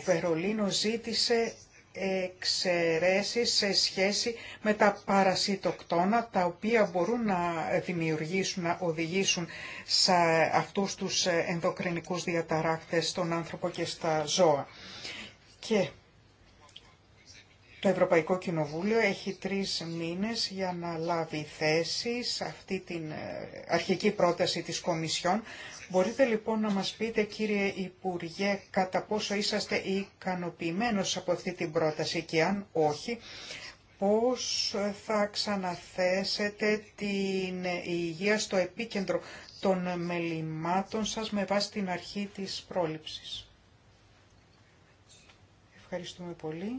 Βερολίνο ζήτησε εξαιρέσεις σε σχέση με τα παρασιτοκτόνα τα οποία μπορούν να δημιουργήσουν, να οδηγήσουν σε αυτούς τους ενδοκρινικούς διαταράκτες στον άνθρωπο και στα ζώα. Και το Ευρωπαϊκό Κοινοβούλιο έχει τρεις μήνες για να λάβει θέση σε αυτή την ε, αρχική πρόταση της Κομισιόν. Μπορείτε λοιπόν να μας πείτε κύριε Υπουργέ κατά πόσο είσαστε ικανοποιημένος από αυτή την πρόταση και αν όχι πώς θα ξαναθέσετε την υγεία στο επίκεντρο των μελημάτων σας με βάση την αρχή της πρόληψης. Ευχαριστούμε πολύ.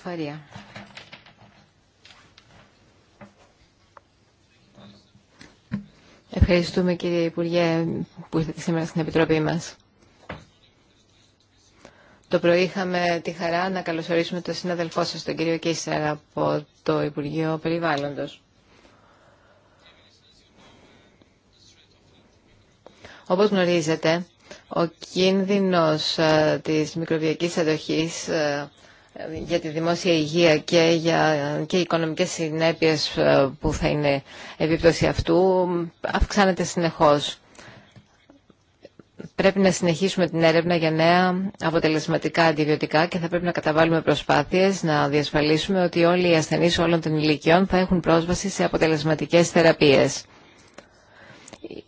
Φαρία. Ευχαριστούμε κύριε Υπουργέ που ήρθατε σήμερα στην Επιτροπή μας. Το πρωί είχαμε τη χαρά να καλωσορίσουμε τον συναδελφό σας, τον κύριο Κίσσερ, από το Υπουργείο Περιβάλλοντος. Όπως γνωρίζετε, ο κίνδυνος ε, της μικροβιακής αντοχής ε, για τη δημόσια υγεία και για και οι οικονομικές συνέπειες ε, που θα είναι επίπτωση αυτού αυξάνεται συνεχώς. Πρέπει να συνεχίσουμε την έρευνα για νέα αποτελεσματικά αντιβιωτικά και θα πρέπει να καταβάλουμε προσπάθειες να διασφαλίσουμε ότι όλοι οι ασθενείς όλων των ηλικιών θα έχουν πρόσβαση σε αποτελεσματικές θεραπείες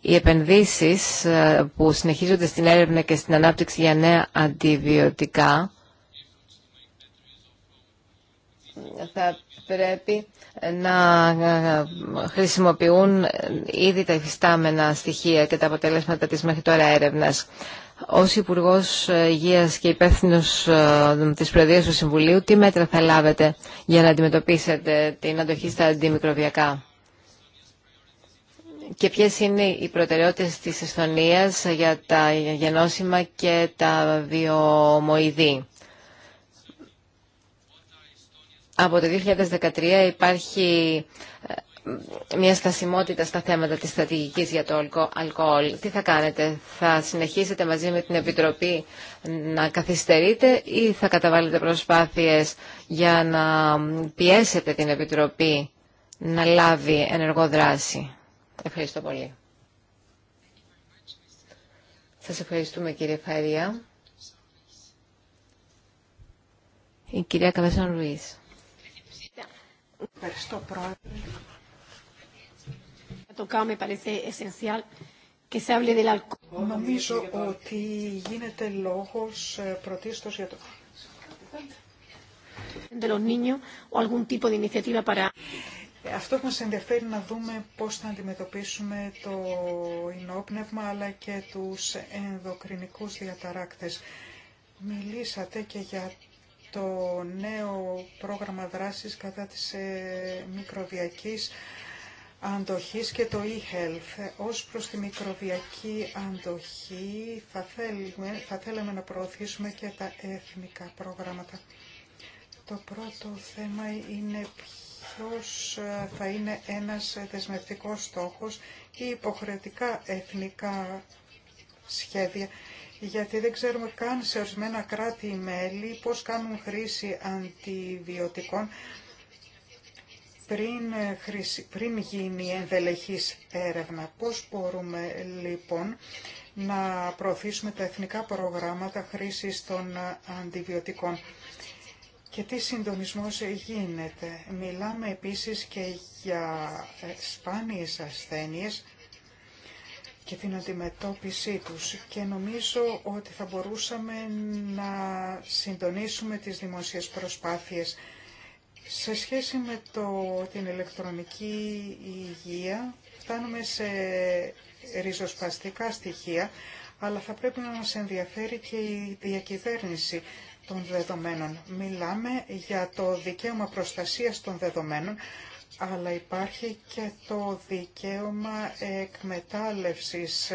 οι επενδύσεις ε, που συνεχίζονται στην έρευνα και στην ανάπτυξη για νέα αντιβιωτικά θα πρέπει να ε, ε, χρησιμοποιούν ήδη τα υφιστάμενα στοιχεία και τα αποτελέσματα της μέχρι τώρα έρευνας. Ως Υπουργό Υγεία και υπεύθυνο της Προεδρίας του Συμβουλίου, τι μέτρα θα λάβετε για να αντιμετωπίσετε την αντοχή στα αντιμικροβιακά και ποιες είναι οι προτεραιότητες της Εσθονίας για τα γενώσιμα και τα βιομοειδή. Από το 2013 υπάρχει ε, μια στασιμότητα στα θέματα της στρατηγικής για το αλκοόλ. Τι θα κάνετε, θα συνεχίσετε μαζί με την Επιτροπή να καθυστερείτε ή θα καταβάλλετε προσπάθειες για να πιέσετε την Επιτροπή να λάβει ενεργό δράση. Ευχαριστώ πολύ. Σας ευχαριστούμε κύριε Φαρία. Η κυρία Καβεσόν Ρουίς. Ευχαριστώ πρόεδρε. Το Νομίζω ότι γίνεται λόγο ε, πρωτίστω για το... Αυτό που μας ενδιαφέρει να δούμε πώς θα αντιμετωπίσουμε το ινοπνεύμα αλλά και τους ενδοκρινικούς διαταράκτες. Μιλήσατε και για το νέο πρόγραμμα δράσης κατά της ε, μικροβιακής αντοχής και το e-health. Ως προς τη μικροβιακή αντοχή θα, θέλουμε, θα θέλαμε να προωθήσουμε και τα εθνικά πρόγραμματα. Το πρώτο θέμα είναι Πώ ε, θα είναι ένας δεσμευτικός στόχος ή υποχρεωτικά εθνικά σχέδια, γιατί δεν ξέρουμε καν σε ορισμένα κράτη-μέλη πώς κάνουν χρήση αντιβιωτικών πριν, ε, πριν γίνει ενδελεχής έρευνα. Πώς μπορούμε λοιπόν να προωθήσουμε τα εθνικά προγράμματα χρήσης των ε, αντιβιωτικών και τι συντονισμός γίνεται. Μιλάμε επίσης και για ε, σπάνιες ασθένειες και την αντιμετώπιση τους και νομίζω ότι θα μπορούσαμε να συντονίσουμε τις δημόσιες προσπάθειες σε σχέση με το, την ηλεκτρονική υγεία φτάνουμε σε ριζοσπαστικά στοιχεία αλλά θα πρέπει να μας ενδιαφέρει και η διακυβέρνηση των δεδομένων. Μιλάμε για το δικαίωμα προστασίας των δεδομένων, αλλά υπάρχει και το δικαίωμα εκμετάλλευσης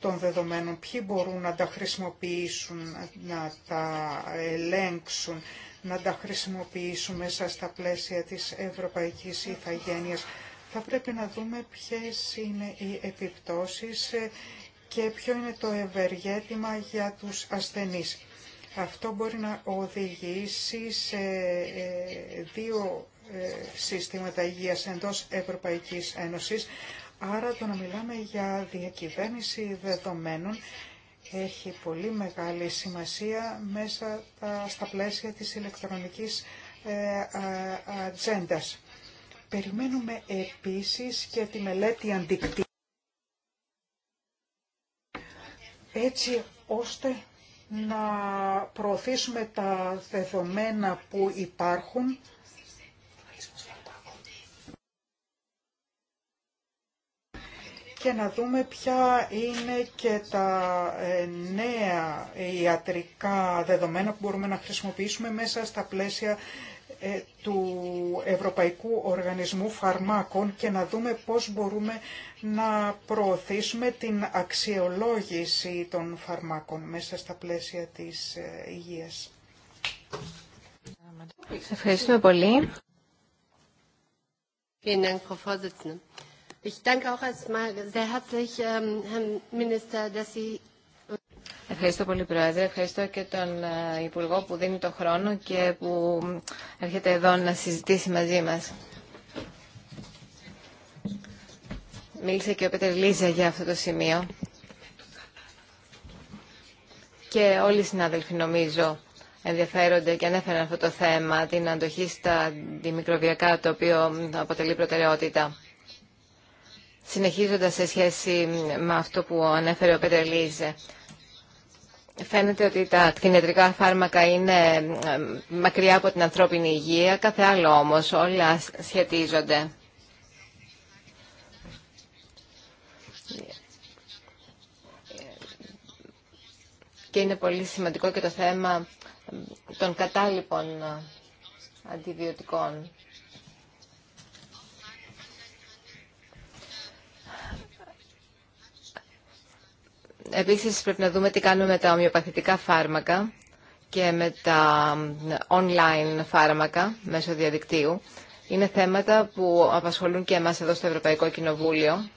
των δεδομένων. Ποιοι μπορούν να τα χρησιμοποιήσουν, να τα ελέγξουν, να τα χρησιμοποιήσουν μέσα στα πλαίσια της ευρωπαϊκής Ιθαγένειας. Θα πρέπει να δούμε ποιες είναι οι επιπτώσεις και ποιο είναι το ευεργέτημα για τους ασθενείς. Αυτό μπορεί να οδηγήσει σε ε, δύο ε, συστήματα υγείας εντός Ευρωπαϊκής Ένωσης. Άρα το να μιλάμε για διακυβέρνηση δεδομένων έχει πολύ μεγάλη σημασία μέσα στα πλαίσια της ηλεκτρονικής ε, ατζέντας. Περιμένουμε επίσης και τη μελέτη αντικτύπου έτσι ώστε να προωθήσουμε τα δεδομένα που υπάρχουν και να δούμε ποια είναι και τα ε, νέα ιατρικά δεδομένα που μπορούμε να χρησιμοποιήσουμε μέσα στα πλαίσια ε, του Ευρωπαϊκού Οργανισμού Φαρμάκων και να δούμε πώς μπορούμε να προωθήσουμε την αξιολόγηση των φαρμάκων μέσα στα πλαίσια της ε, υγείας. Ευχαριστούμε πολύ. Vielen Dank, Frau Vorsitzende. Ich danke auch erstmal sehr herzlich, ähm, Herr Minister, dass Sie Ευχαριστώ πολύ, Πρόεδρε. Ευχαριστώ και τον ε, Υπουργό που δίνει το χρόνο και που έρχεται εδώ να συζητήσει μαζί μας. Μίλησε και ο Πέτερ Λίζα για αυτό το σημείο. Και όλοι οι συνάδελφοι, νομίζω, ενδιαφέρονται και ανέφεραν αυτό το θέμα, την αντοχή στα αντιμικροβιακά, το οποίο αποτελεί προτεραιότητα. Συνεχίζοντας σε σχέση με αυτό που ανέφερε ο Πέτερ Λίζε, Φαίνεται ότι τα κτηνιατρικά φάρμακα είναι μακριά από την ανθρώπινη υγεία, κάθε άλλο όμως όλα σχετίζονται. Και είναι πολύ σημαντικό και το θέμα των κατάλοιπων ε, αντιβιωτικών. Επίσης πρέπει να δούμε τι κάνουμε με τα ομοιοπαθητικά φάρμακα και με τα online φάρμακα μέσω διαδικτύου. Είναι θέματα που απασχολούν και εμάς εδώ στο Ευρωπαϊκό Κοινοβούλιο.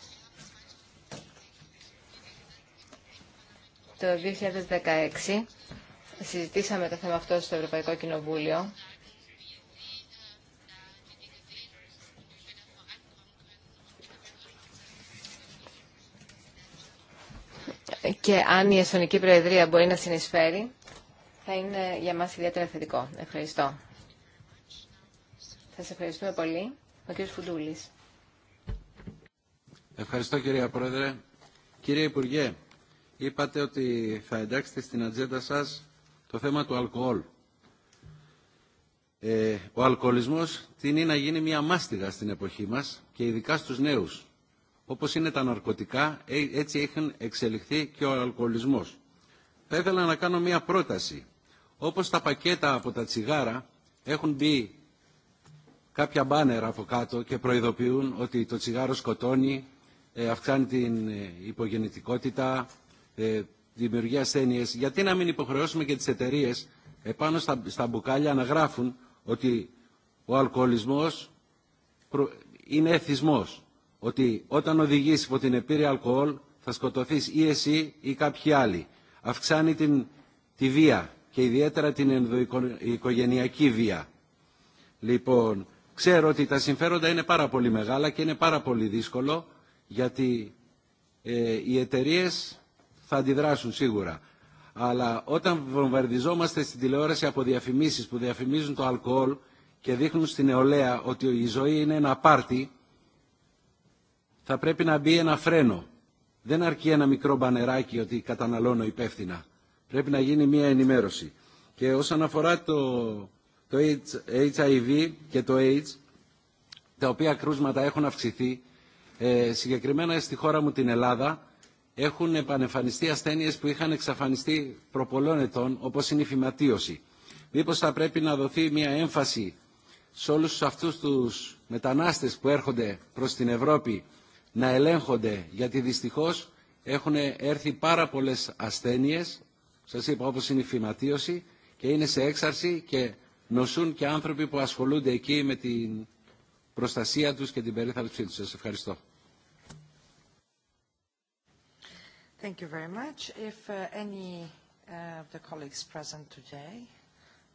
Το 2016 συζητήσαμε το θέμα αυτό στο Ευρωπαϊκό Κοινοβούλιο και αν η Εσθονική Προεδρία μπορεί να συνεισφέρει, θα είναι για μας ιδιαίτερα θετικό. Ευχαριστώ. Σας ευχαριστούμε πολύ. Ο κ. Φουντούλης. Ευχαριστώ κυρία Πρόεδρε. Κύριε Υπουργέ, είπατε ότι θα εντάξετε στην ατζέντα σας το θέμα του αλκοόλ. Ε, ο αλκοολισμός τίνει να γίνει μια μάστιγα στην εποχή μας και ειδικά στους νέους όπως είναι τα ναρκωτικά, ε, έτσι έχουν εξελιχθεί και ο αλκοολισμός. Θα ήθελα να κάνω μία πρόταση. Όπως τα πακέτα από τα τσιγάρα έχουν μπει κάποια μπάνερα από κάτω και προειδοποιούν ότι το τσιγάρο σκοτώνει, ε, αυξάνει την ε, υπογεννητικότητα, δημιουργεί ασθένειες. Γιατί να μην υποχρεώσουμε και τις εταιρείε επάνω στα, μπουκάλια να γράφουν ότι ο αλκοολισμός είναι εθισμός ότι όταν οδηγείς υπό την επίρρη αλκοόλ θα σκοτωθείς ή εσύ ή κάποιοι άλλοι. Αυξάνει την, τη βία και ιδιαίτερα την ενδοοικογενειακή βία. Λοιπόν, ξέρω ότι τα συμφέροντα είναι πάρα πολύ μεγάλα και είναι πάρα πολύ δύσκολο γιατί ε, οι εταιρείε θα αντιδράσουν σίγουρα. Αλλά όταν βομβαρδιζόμαστε στην τηλεόραση από διαφημίσεις που διαφημίζουν το αλκοόλ και δείχνουν στην νεολαία ότι η ζωή είναι ένα πάρτι θα πρέπει να μπει ένα φρένο. Δεν αρκεί ένα μικρό μπανεράκι ότι καταναλώνω υπεύθυνα. Πρέπει να γίνει μια ενημέρωση. Και όσον αφορά το, το HIV και το AIDS, τα οποία κρούσματα έχουν αυξηθεί, ε, συγκεκριμένα στη χώρα μου την Ελλάδα, έχουν επανεμφανιστεί ασθένειες που είχαν εξαφανιστεί προπολών ετών, όπως είναι η φυματίωση. Μήπω θα πρέπει να δοθεί μια έμφαση σε όλους αυτούς τους μετανάστες που έρχονται προς την Ευρώπη να ελέγχονται, γιατί δυστυχώς έχουν έρθει πάρα πολλές ασθένειες, σας είπα όπως είναι η φυματίωση, και είναι σε έξαρση και νοσούν και άνθρωποι που ασχολούνται εκεί με την προστασία τους και την περίθαλψή τους. Σας ευχαριστώ. Thank you very much. If uh, any uh, of the colleagues present today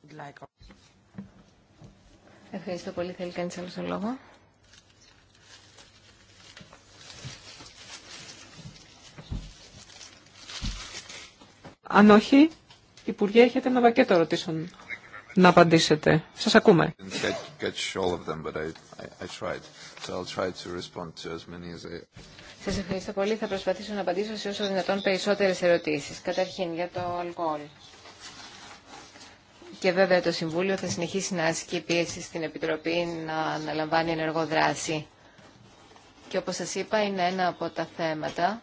would like... Ευχαριστώ πολύ. Θέλει κανείς άλλο το λόγο. Αν όχι, Υπουργέ, έχετε ένα πακέτο ερωτήσεων να απαντήσετε. Σας ακούμε. Σας ευχαριστώ πολύ. Θα προσπαθήσω να απαντήσω σε όσο δυνατόν περισσότερες ερωτήσεις. Καταρχήν, για το αλκοόλ. Και βέβαια το Συμβούλιο θα συνεχίσει να ασκεί πίεση στην Επιτροπή να αναλαμβάνει ενεργοδράση. Και όπως σας είπα, είναι ένα από τα θέματα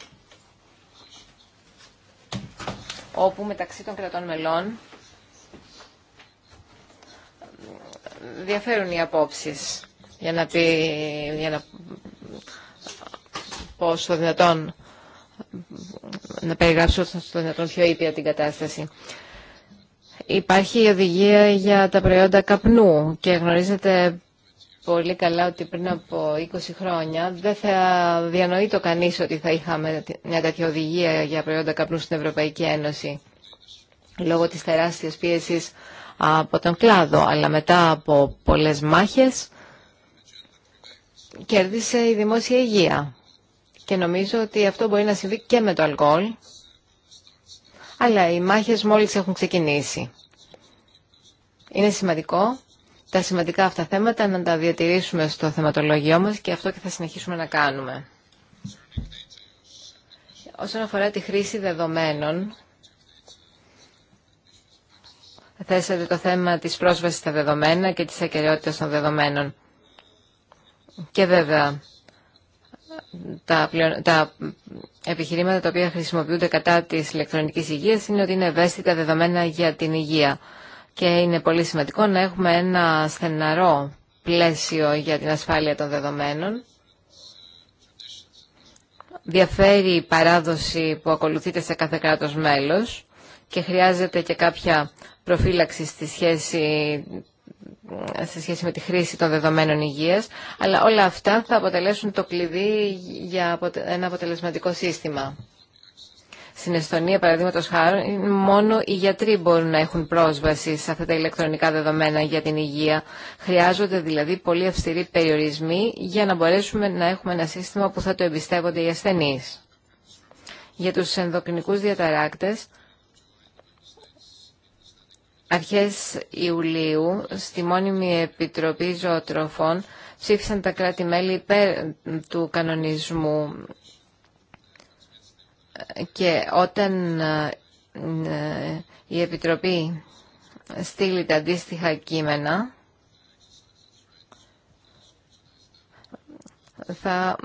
όπου μεταξύ των κρατών μελών διαφέρουν οι απόψεις για να, πει, για να πω στο δυνατόν να περιγράψω στο δυνατόν πιο ήπια την κατάσταση. Υπάρχει η οδηγία για τα προϊόντα καπνού και γνωρίζετε πολύ καλά ότι πριν από 20 χρόνια δεν θα διανοεί το κανείς ότι θα είχαμε μια τέτοια οδηγία για προϊόντα καπνού στην Ευρωπαϊκή Ένωση λόγω της τεράστιας πίεσης από τον κλάδο. Αλλά μετά από πολλές μάχες κέρδισε η δημόσια υγεία. Και νομίζω ότι αυτό μπορεί να συμβεί και με το αλκοόλ. Αλλά οι μάχες μόλις έχουν ξεκινήσει. Είναι σημαντικό τα σημαντικά αυτά θέματα να τα διατηρήσουμε στο θεματολόγιό μας και αυτό και θα συνεχίσουμε να κάνουμε. Όσον αφορά τη χρήση δεδομένων, θέσατε το θέμα της πρόσβασης στα δεδομένα και της ακαιρεότητας των δεδομένων. Και βέβαια, τα, επιχειρήματα τα οποία χρησιμοποιούνται κατά της ηλεκτρονικής υγείας είναι ότι είναι ευαίσθητα δεδομένα για την υγεία και είναι πολύ σημαντικό να έχουμε ένα στεναρό πλαίσιο για την ασφάλεια των δεδομένων. Διαφέρει η παράδοση που ακολουθείται σε κάθε κράτος μέλος και χρειάζεται και κάποια προφύλαξη στη σχέση σε σχέση με τη χρήση των δεδομένων υγείας, αλλά όλα αυτά θα αποτελέσουν το κλειδί για ένα αποτελεσματικό σύστημα. Στην Εστονία, παραδείγματο χάρη, μόνο οι γιατροί μπορούν να έχουν πρόσβαση σε αυτά τα ηλεκτρονικά δεδομένα για την υγεία. Χρειάζονται δηλαδή πολύ αυστηροί περιορισμοί για να μπορέσουμε να έχουμε ένα σύστημα που θα το εμπιστεύονται οι ασθενεί. Για του ενδοκρινικού διαταράκτε, Αρχές Ιουλίου, στη μόνιμη Επιτροπή Ζωοτροφών, ψήφισαν τα κράτη-μέλη υπέρ του κανονισμού και όταν ε, ε, η Επιτροπή στείλει τα αντίστοιχα κείμενα θα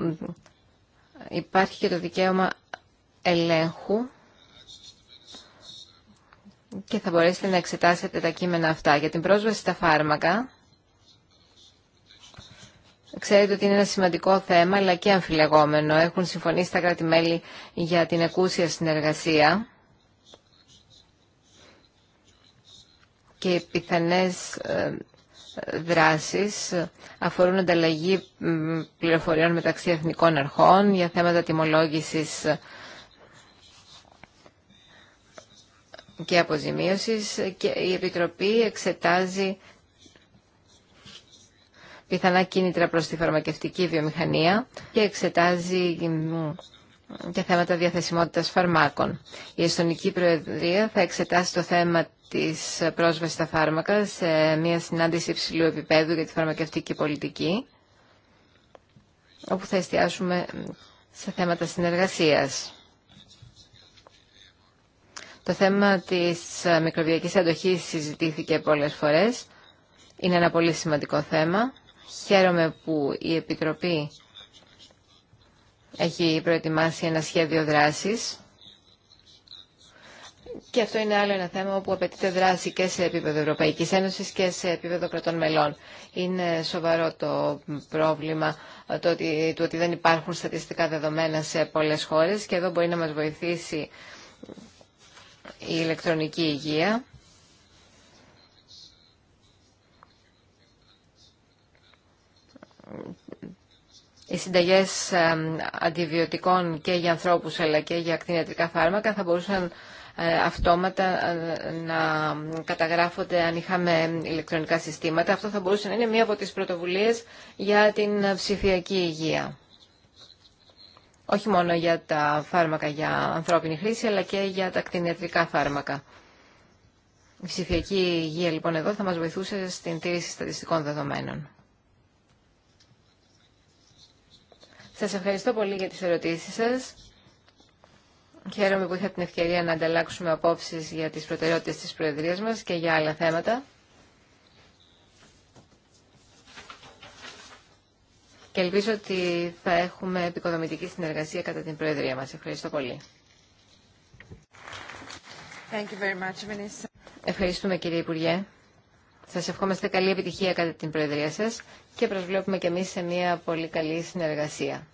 υπάρχει και το δικαίωμα ελέγχου και θα μπορέσετε να εξετάσετε τα κείμενα αυτά. Για την πρόσβαση στα φάρμακα Ξέρετε ότι είναι ένα σημαντικό θέμα, αλλά και αμφιλεγόμενο. Έχουν συμφωνήσει τα κράτη-μέλη για την εκούσια συνεργασία και πιθανές ε, δράσεις αφορούν ανταλλαγή πληροφοριών μεταξύ εθνικών αρχών για θέματα τιμολόγησης και αποζημίωσης και η Επιτροπή εξετάζει πιθανά κίνητρα προς τη φαρμακευτική βιομηχανία και εξετάζει και θέματα διαθεσιμότητας φαρμάκων. Η Εστονική Προεδρία θα εξετάσει το θέμα της πρόσβασης στα φάρμακα σε μια συνάντηση υψηλού επίπεδου για τη φαρμακευτική πολιτική, όπου θα εστιάσουμε σε θέματα συνεργασίας. Το θέμα της μικροβιακής αντοχής συζητήθηκε πολλές φορές. Είναι ένα πολύ σημαντικό θέμα. Χαίρομαι που η Επιτροπή έχει προετοιμάσει ένα σχέδιο δράσης και αυτό είναι άλλο ένα θέμα όπου απαιτείται δράση και σε επίπεδο Ευρωπαϊκής Ένωσης και σε επίπεδο κρατών μελών. Είναι σοβαρό το πρόβλημα το ότι, του ότι δεν υπάρχουν στατιστικά δεδομένα σε πολλές χώρες και εδώ μπορεί να μας βοηθήσει η ηλεκτρονική υγεία. οι συνταγέ αντιβιωτικών και για ανθρώπους αλλά και για ακτινιατρικά φάρμακα θα μπορούσαν ε, αυτόματα ε, να καταγράφονται αν είχαμε ηλεκτρονικά συστήματα. Αυτό θα μπορούσε να είναι μία από τις πρωτοβουλίες για την ψηφιακή υγεία. Όχι μόνο για τα φάρμακα για ανθρώπινη χρήση, αλλά και για τα κτηνιατρικά φάρμακα. Η ψηφιακή υγεία λοιπόν εδώ θα μας βοηθούσε στην τήρηση στατιστικών δεδομένων. Σας ευχαριστώ πολύ για τις ερωτήσεις σας. Χαίρομαι που είχα την ευκαιρία να ανταλλάξουμε απόψεις για τις προτεραιότητες της Προεδρίας μας και για άλλα θέματα. Και ελπίζω ότι θα έχουμε επικοδομητική συνεργασία κατά την Προεδρία μας. Ευχαριστώ πολύ. Thank you very much, Ευχαριστούμε κύριε Υπουργέ. Σας ευχόμαστε καλή επιτυχία κατά την Προεδρία σας και προσβλέπουμε και εμείς σε μια πολύ καλή συνεργασία.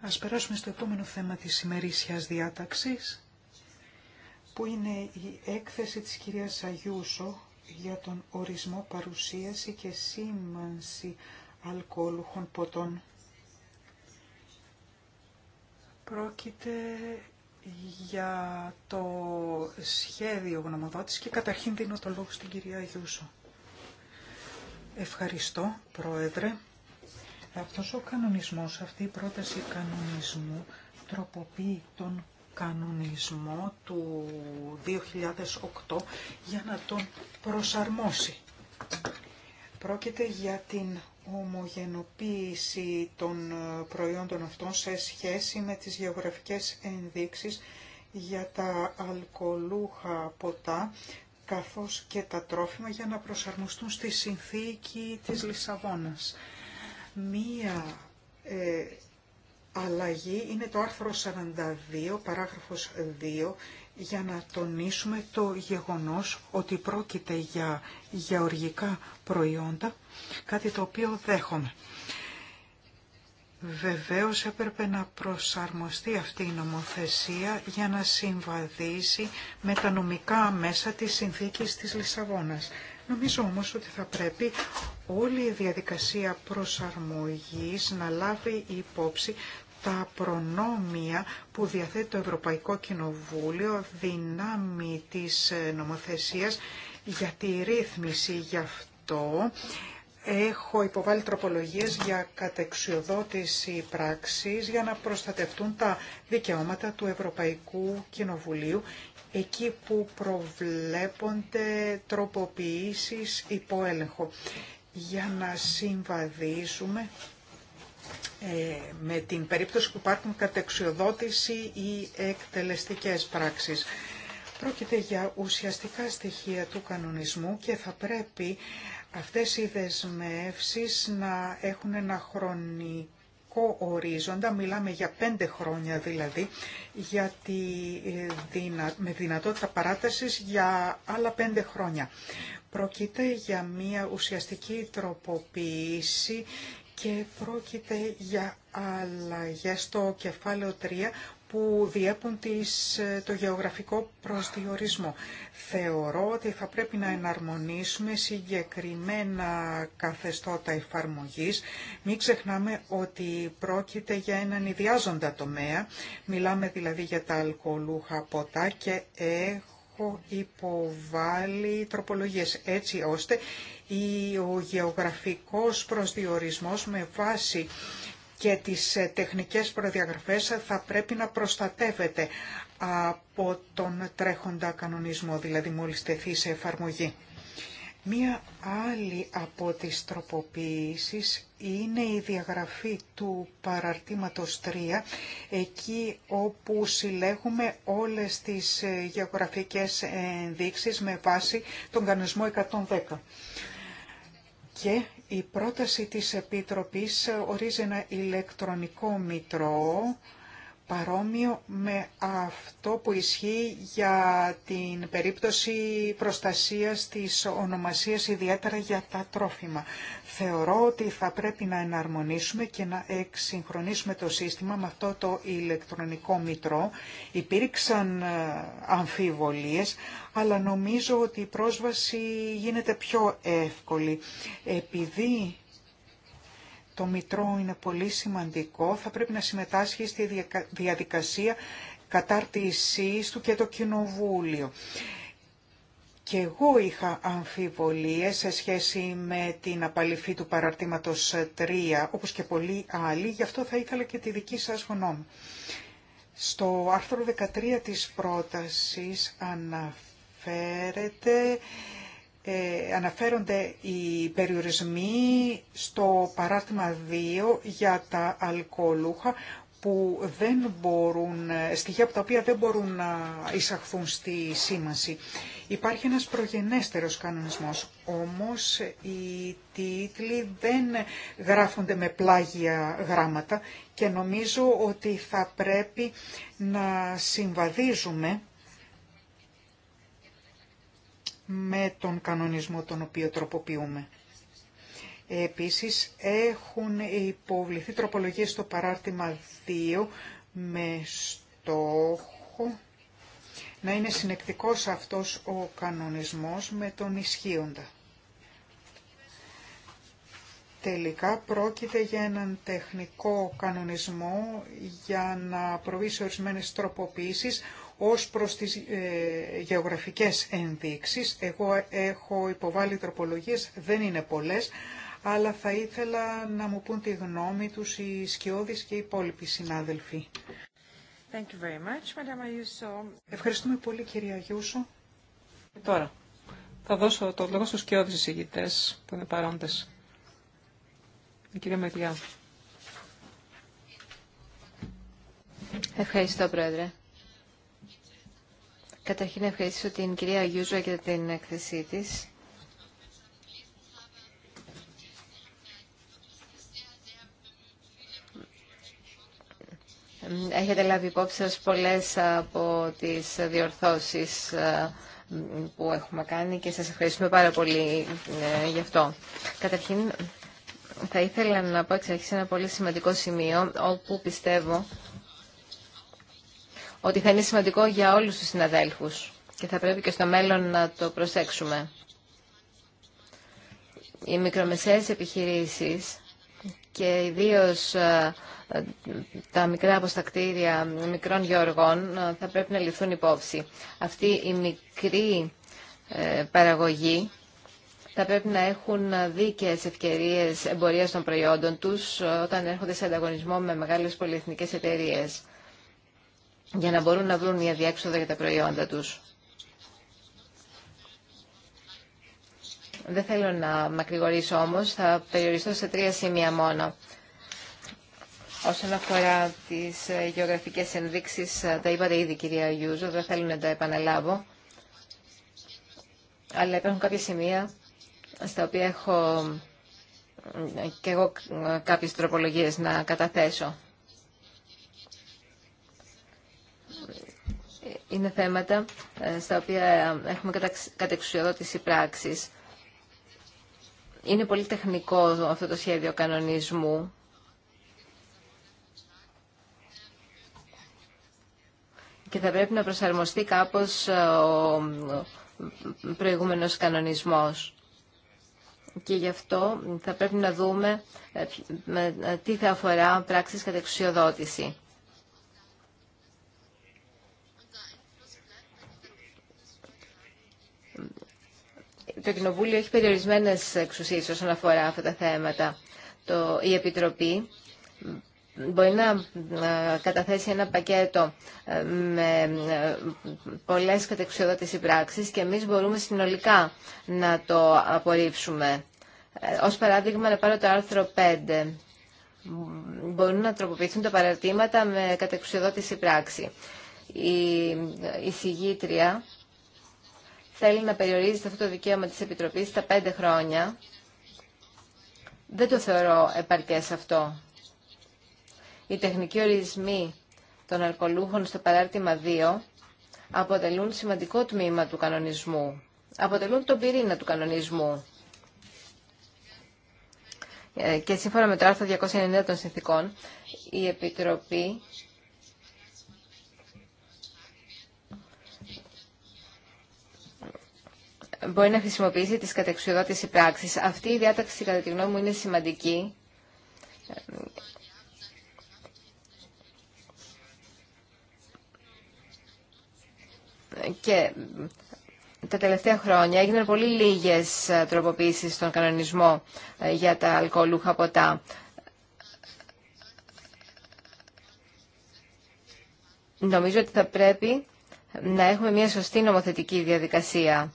Ας περάσουμε στο επόμενο θέμα της ημερήσιας διάταξης, που είναι η έκθεση της κυρίας Αγιούσο για τον ορισμό παρουσίαση και σήμανση αλκοόλουχων ποτών. Πρόκειται για το σχέδιο γνωμοδότηση και καταρχήν δίνω το λόγο στην κυρία Αγιούσο. Ευχαριστώ, Πρόεδρε. Αυτός ο κανονισμός, αυτή η πρόταση κανονισμού τροποποιεί τον κανονισμό του 2008 για να τον προσαρμόσει. Πρόκειται για την ομογενοποίηση των προϊόντων αυτών σε σχέση με τις γεωγραφικές ενδείξεις για τα αλκοολούχα ποτά καθώς και τα τρόφιμα για να προσαρμοστούν στη συνθήκη της Λισαβόνας. Μία ε, αλλαγή είναι το άρθρο 42, παράγραφος 2, για να τονίσουμε το γεγονός ότι πρόκειται για γεωργικά προϊόντα, κάτι το οποίο δέχομαι. Βεβαίως έπρεπε να προσαρμοστεί αυτή η νομοθεσία για να συμβαδίσει με τα νομικά μέσα της συνθήκης της Λισαβόνας. Νομίζω όμως ότι θα πρέπει όλη η διαδικασία προσαρμογής να λάβει υπόψη τα προνόμια που διαθέτει το Ευρωπαϊκό Κοινοβούλιο δυνάμει της νομοθεσίας για τη ρύθμιση γι' αυτό Έχω υποβάλει τροπολογίες για κατεξιοδότηση πράξης για να προστατευτούν τα δικαιώματα του Ευρωπαϊκού Κοινοβουλίου εκεί που προβλέπονται τροποποιήσεις υπό έλεγχο για να συμβαδίσουμε ε, με την περίπτωση που υπάρχουν κατεξιοδότηση ή εκτελεστικές πράξεις. Πρόκειται για ουσιαστικά στοιχεία του κανονισμού και θα πρέπει αυτές οι δεσμεύσεις να έχουν ένα χρονικό ορίζοντα, μιλάμε για πέντε χρόνια δηλαδή, ε, δυνα... με δυνατότητα παράτασης για άλλα πέντε χρόνια. Πρόκειται για μια ουσιαστική τροποποίηση και πρόκειται για αλλαγές στο κεφάλαιο 3 που διέπουν τις, ε, το γεωγραφικό προσδιορισμό. Θεωρώ ότι θα πρέπει να εναρμονίσουμε συγκεκριμένα καθεστώτα εφαρμογής. Μην ξεχνάμε ότι πρόκειται για έναν ιδιάζοντα τομέα. Μιλάμε δηλαδή για τα αλκοολούχα ποτά και έχω υποβάλει τροπολογίες έτσι ώστε ο γεωγραφικός προσδιορισμός με βάση και τις ε, τεχνικές προδιαγραφές θα πρέπει να προστατεύεται από τον τρέχοντα κανονισμό, δηλαδή μόλις τεθεί σε εφαρμογή. Μία άλλη από τις τροποποιήσεις είναι η διαγραφή του παραρτήματος 3, εκεί όπου συλλέγουμε όλες τις ε, γεωγραφικές ενδείξεις με βάση τον κανονισμό 110. Και η πρόταση της Επίτροπης ορίζει ένα ηλεκτρονικό μητρό παρόμοιο με αυτό που ισχύει για την περίπτωση προστασίας της ονομασίας ιδιαίτερα για τα τρόφιμα. Θεωρώ ότι θα πρέπει να εναρμονίσουμε και να εξυγχρονίσουμε το σύστημα με αυτό το ηλεκτρονικό μητρό. Υπήρξαν ε, αμφιβολίες, αλλά νομίζω ότι η πρόσβαση γίνεται πιο εύκολη. Επειδή το Μητρό είναι πολύ σημαντικό, θα πρέπει να συμμετάσχει στη διαδικασία κατάρτισής του και το Κοινοβούλιο. Και εγώ είχα αμφιβολίες σε σχέση με την απαλήφη του παραρτήματος 3, όπως και πολλοί άλλοι, γι' αυτό θα ήθελα και τη δική σας γνώμη. Στο άρθρο 13 της πρότασης αναφέρεται ε, αναφέρονται οι περιορισμοί στο παράρτημα 2 για τα αλκοολούχα που δεν μπορούν, ε, στοιχεία από τα οποία δεν μπορούν να εισαχθούν στη σήμανση. Υπάρχει ένας προγενέστερος κανονισμός, όμως οι τίτλοι δεν γράφονται με πλάγια γράμματα και νομίζω ότι θα πρέπει να συμβαδίζουμε με τον κανονισμό τον οποίο τροποποιούμε. Επίσης έχουν υποβληθεί τροπολογίες στο παράρτημα 2 με στόχο να είναι συνεκτικός αυτός ο κανονισμός με τον ισχύοντα. Τελικά πρόκειται για έναν τεχνικό κανονισμό για να προβεί σε ορισμένες τροποποιήσεις ως προς τις ε, γεωγραφικές ενδείξεις, εγώ έχω υποβάλει τροπολογίες, δεν είναι πολλές, αλλά θα ήθελα να μου πούν τη γνώμη τους οι σκιώδεις και οι υπόλοιποι συνάδελφοι. Thank you very much, Ευχαριστούμε πολύ, κυρία Γιούσο. Τώρα, θα δώσω το λόγο στους σκιώδεις εισηγητές που είναι παρόντες. Η κυρία Μεριά. Ευχαριστώ, Πρόεδρε. Καταρχήν ευχαριστήσω την κυρία Γιούζουα για την έκθεσή της. Έχετε λάβει υπόψη σας πολλές από τις διορθώσεις ε, που έχουμε κάνει και σας ευχαριστούμε πάρα πολύ ε, γι' αυτό. Καταρχήν, θα ήθελα να πω εξ ένα πολύ σημαντικό σημείο όπου πιστεύω ότι θα είναι σημαντικό για όλους τους συναδέλφους και θα πρέπει και στο μέλλον να το προσέξουμε. Οι μικρομεσαίες επιχειρήσεις και ιδίως ε, τα μικρά αποστακτήρια μικρών γεωργών ε, θα πρέπει να ληφθούν υπόψη. Αυτή η μικρή ε, παραγωγή θα πρέπει να έχουν δίκαιες ευκαιρίες εμπορίας των προϊόντων τους όταν έρχονται σε ανταγωνισμό με μεγάλες πολυεθνικές εταιρείες για να μπορούν να βρουν μια διέξοδο για τα προϊόντα τους. Δεν θέλω να μακρηγορήσω όμως, θα περιοριστώ σε τρία σημεία μόνο. Όσον αφορά τις ε, γεωγραφικές ενδείξεις, ε, τα είπατε ήδη κυρία Γιούζο, δεν θέλω να τα επαναλάβω. Αλλά υπάρχουν κάποια σημεία στα οποία έχω ε, και εγώ κάποιες τροπολογίες να καταθέσω. είναι θέματα ε, στα οποία έχουμε κατεξουσιοδότηση πράξης. Είναι πολύ τεχνικό αυτό το σχέδιο κανονισμού. Και θα πρέπει να προσαρμοστεί κάπως ε, ο προηγούμενος κανονισμός. Και γι' αυτό θα πρέπει να δούμε ε, τι θα αφορά πράξεις κατεξουσιοδότηση. το Κοινοβούλιο έχει περιορισμένες εξουσίες όσον αφορά αυτά τα θέματα. Το, η Επιτροπή μπορεί να καταθέσει ένα πακέτο ε, με ε, πολλές κατεξοδότηση πράξεις και εμείς μπορούμε συνολικά να το απορρίψουμε. Ε, ως παράδειγμα να πάρω το άρθρο 5. Μπορούν να τροποποιηθούν τα παραρτήματα με κατεξουσιοδότηση πράξη. Η συγγήτρια θέλει να περιορίζει αυτό το δικαίωμα της Επιτροπής στα πέντε χρόνια. Δεν το θεωρώ επαρκές αυτό. Οι τεχνικοί ορισμοί των αρκολούχων στο παράρτημα 2 αποτελούν σημαντικό τμήμα του κανονισμού. Αποτελούν τον πυρήνα του κανονισμού. Ε, και σύμφωνα με το άρθρο 290 των συνθήκων, η Επιτροπή μπορεί να χρησιμοποιήσει τις κατεξουδότηση πράξεις. Αυτή η διάταξη, κατά τη γνώμη μου, είναι σημαντική. Και τα τελευταία χρόνια έγιναν πολύ λίγες τροποποίησεις στον κανονισμό ε, για τα αλκοολούχα ποτά. Νομίζω ότι θα πρέπει να έχουμε μια σωστή νομοθετική διαδικασία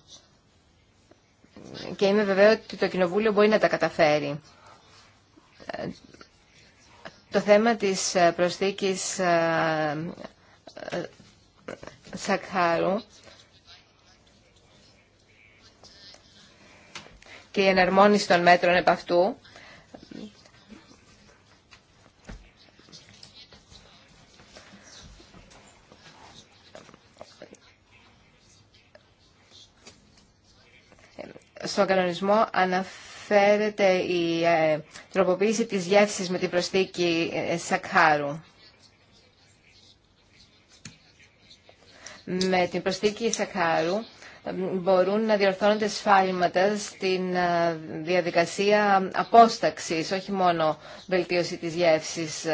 και είμαι βεβαίω ότι το Κοινοβούλιο μπορεί να τα καταφέρει. Το θέμα της προσθήκης ε, ε, Σακχάρου και η εναρμόνιση των μέτρων επ' αυτού στον κανονισμό αναφέρεται η ε, τροποποίηση της γεύσης με την προσθήκη ε, σακχάρου. Με την προσθήκη σακχάρου ε, μπορούν να διορθώνονται σφάλματα στην διαδικασία απόσταξης, όχι μόνο βελτίωση της γεύσης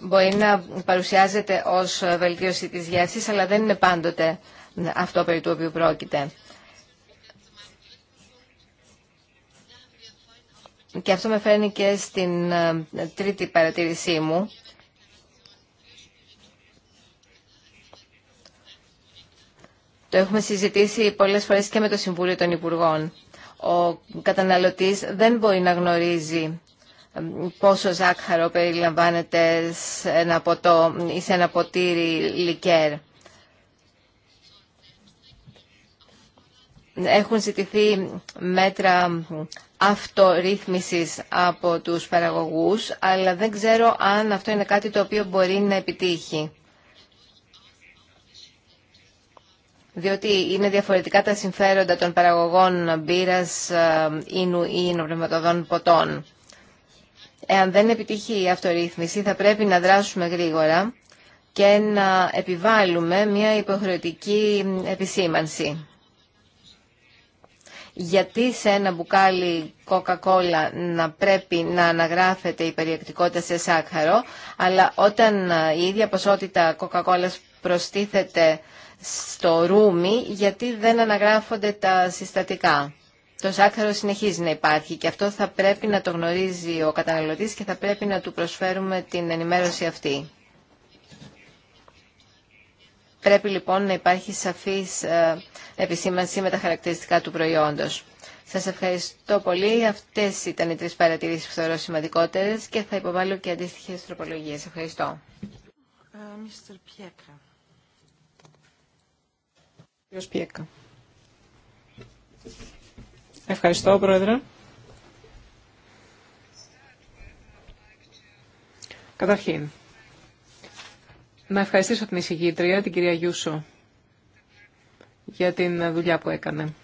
μπορεί να παρουσιάζεται ως βελτίωση της γεύσης, αλλά δεν είναι πάντοτε αυτό περί του οποίου πρόκειται. Και αυτό με φέρνει και στην ε, τρίτη παρατήρησή μου. Το έχουμε συζητήσει πολλές φορές και με το Συμβούλιο των Υπουργών. Ο καταναλωτής δεν μπορεί να γνωρίζει πόσο ζάχαρο περιλαμβάνεται σε ένα, ποτό, σε ένα ποτήρι λικέρ. Έχουν ζητηθεί μέτρα αυτορύθμισης από τους παραγωγούς, αλλά δεν ξέρω αν αυτό είναι κάτι το οποίο μπορεί να επιτύχει. διότι είναι διαφορετικά τα συμφέροντα των παραγωγών μπύρας, ίνου ή ίνοπνευματοδών ποτών. Εάν δεν επιτυχεί η αυτορύθμιση θα πρέπει να δράσουμε γρήγορα και να επιβάλλουμε μια υποχρεωτική επισήμανση. Γιατί σε ένα κοκακόλα να πρέπει να αναγράφεται η περιεκτικότητα σε σάκχαρο, αλλά όταν η ίδια κοκακόλας προστίθεται στο ρούμι, γιατί δεν αναγράφονται τα συστατικά το ζάχαρο συνεχίζει να υπάρχει και αυτό θα πρέπει να το γνωρίζει ο καταναλωτής και θα πρέπει να του προσφέρουμε την ενημέρωση αυτή. Πρέπει λοιπόν να υπάρχει σαφής ε, επισήμανση με τα χαρακτηριστικά του προϊόντος. Σας ευχαριστώ πολύ. Αυτές ήταν οι τρεις παρατηρήσεις που θεωρώ σημαντικότερες και θα υποβάλω και αντίστοιχες τροπολογίες. Ευχαριστώ. Ε, Ευχαριστώ, Πρόεδρε. Καταρχήν, να ευχαριστήσω την εισηγήτρια, την κυρία Γιούσο, για την δουλειά που έκανε.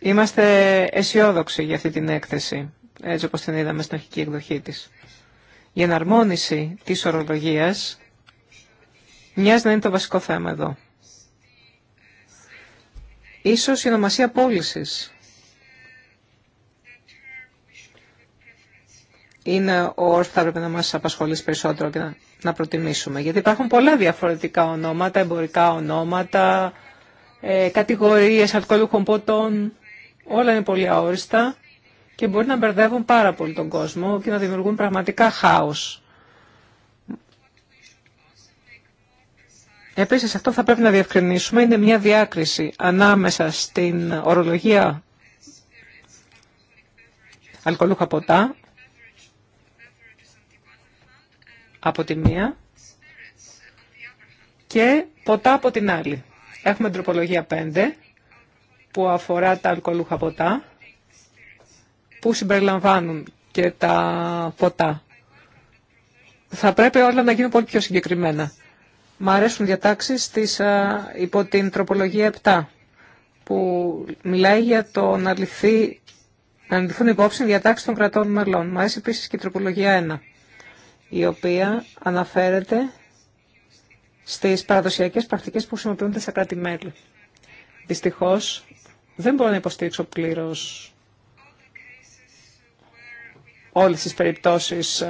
Είμαστε αισιόδοξοι για αυτή την έκθεση, έτσι όπως την είδαμε στην αρχική εκδοχή της. Η εναρμόνιση της ορολογίας μοιάζει να είναι το βασικό θέμα εδώ. Ίσως η ονομασία πώληση. είναι ο όρος που θα έπρεπε να μας απασχολήσει περισσότερο και να, προτιμήσουμε. Γιατί υπάρχουν πολλά διαφορετικά ονόματα, εμπορικά ονόματα, ε, κατηγορίες αλκοολούχων ποτών, όλα είναι πολύ αόριστα και μπορεί να μπερδεύουν πάρα πολύ τον κόσμο και να δημιουργούν πραγματικά χάος Επίσης, αυτό θα πρέπει να διευκρινίσουμε, είναι μια διάκριση ανάμεσα στην ορολογία αλκοολούχα ποτά, από τη μία, και ποτά από την άλλη. Έχουμε τροπολογία 5, που αφορά τα αλκοολούχα ποτά, που συμπεριλαμβάνουν και τα ποτά. Θα πρέπει όλα να γίνουν πολύ πιο συγκεκριμένα. Μ' αρέσουν διατάξεις της, υπό την τροπολογία 7 που μιλάει για το να, λυθεί, να λυθούν υπόψη διατάξεις των κρατών μελών. Μ' αρέσει επίσης και η τροπολογία 1 η οποία αναφέρεται στις παραδοσιακές πρακτικές που χρησιμοποιούνται στα κράτη-μέλη. Δυστυχώς, δεν μπορώ να υποστήριξω πλήρως όλες τις περιπτώσεις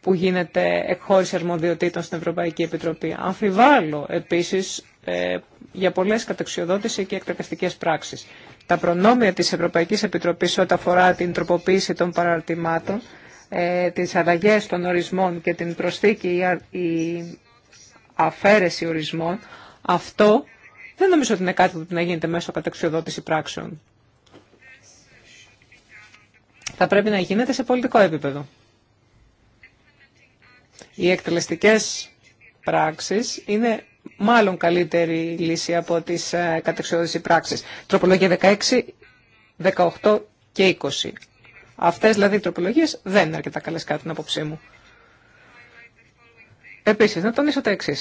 που γίνεται εκχώρηση αρμοδιοτήτων στην Ευρωπαϊκή Επιτροπή. Αμφιβάλλω επίσης ε, για πολλές καταξιοδότηση και εκτεταστικέ πράξεις. Τα προνόμια της Ευρωπαϊκής Επιτροπής όταν αφορά την τροποποίηση των παραρτημάτων, ε, τις αλλαγέ των ορισμών και την προσθήκη ή αφαίρεση ορισμών, αυτό δεν νομίζω ότι είναι κάτι που να γίνεται μέσω καταξιοδότηση πράξεων. Θα πρέπει να γίνεται σε πολιτικό επίπεδο. Οι εκτελεστικές πράξεις είναι μάλλον καλύτερη λύση από τις ε, κατεξοδότηση πράξεις. Τροπολογία 16, 18 και 20. Αυτές δηλαδή οι τροπολογίες δεν είναι αρκετά καλές κάτι την απόψή μου. Επίσης, να τονίσω τα εξή.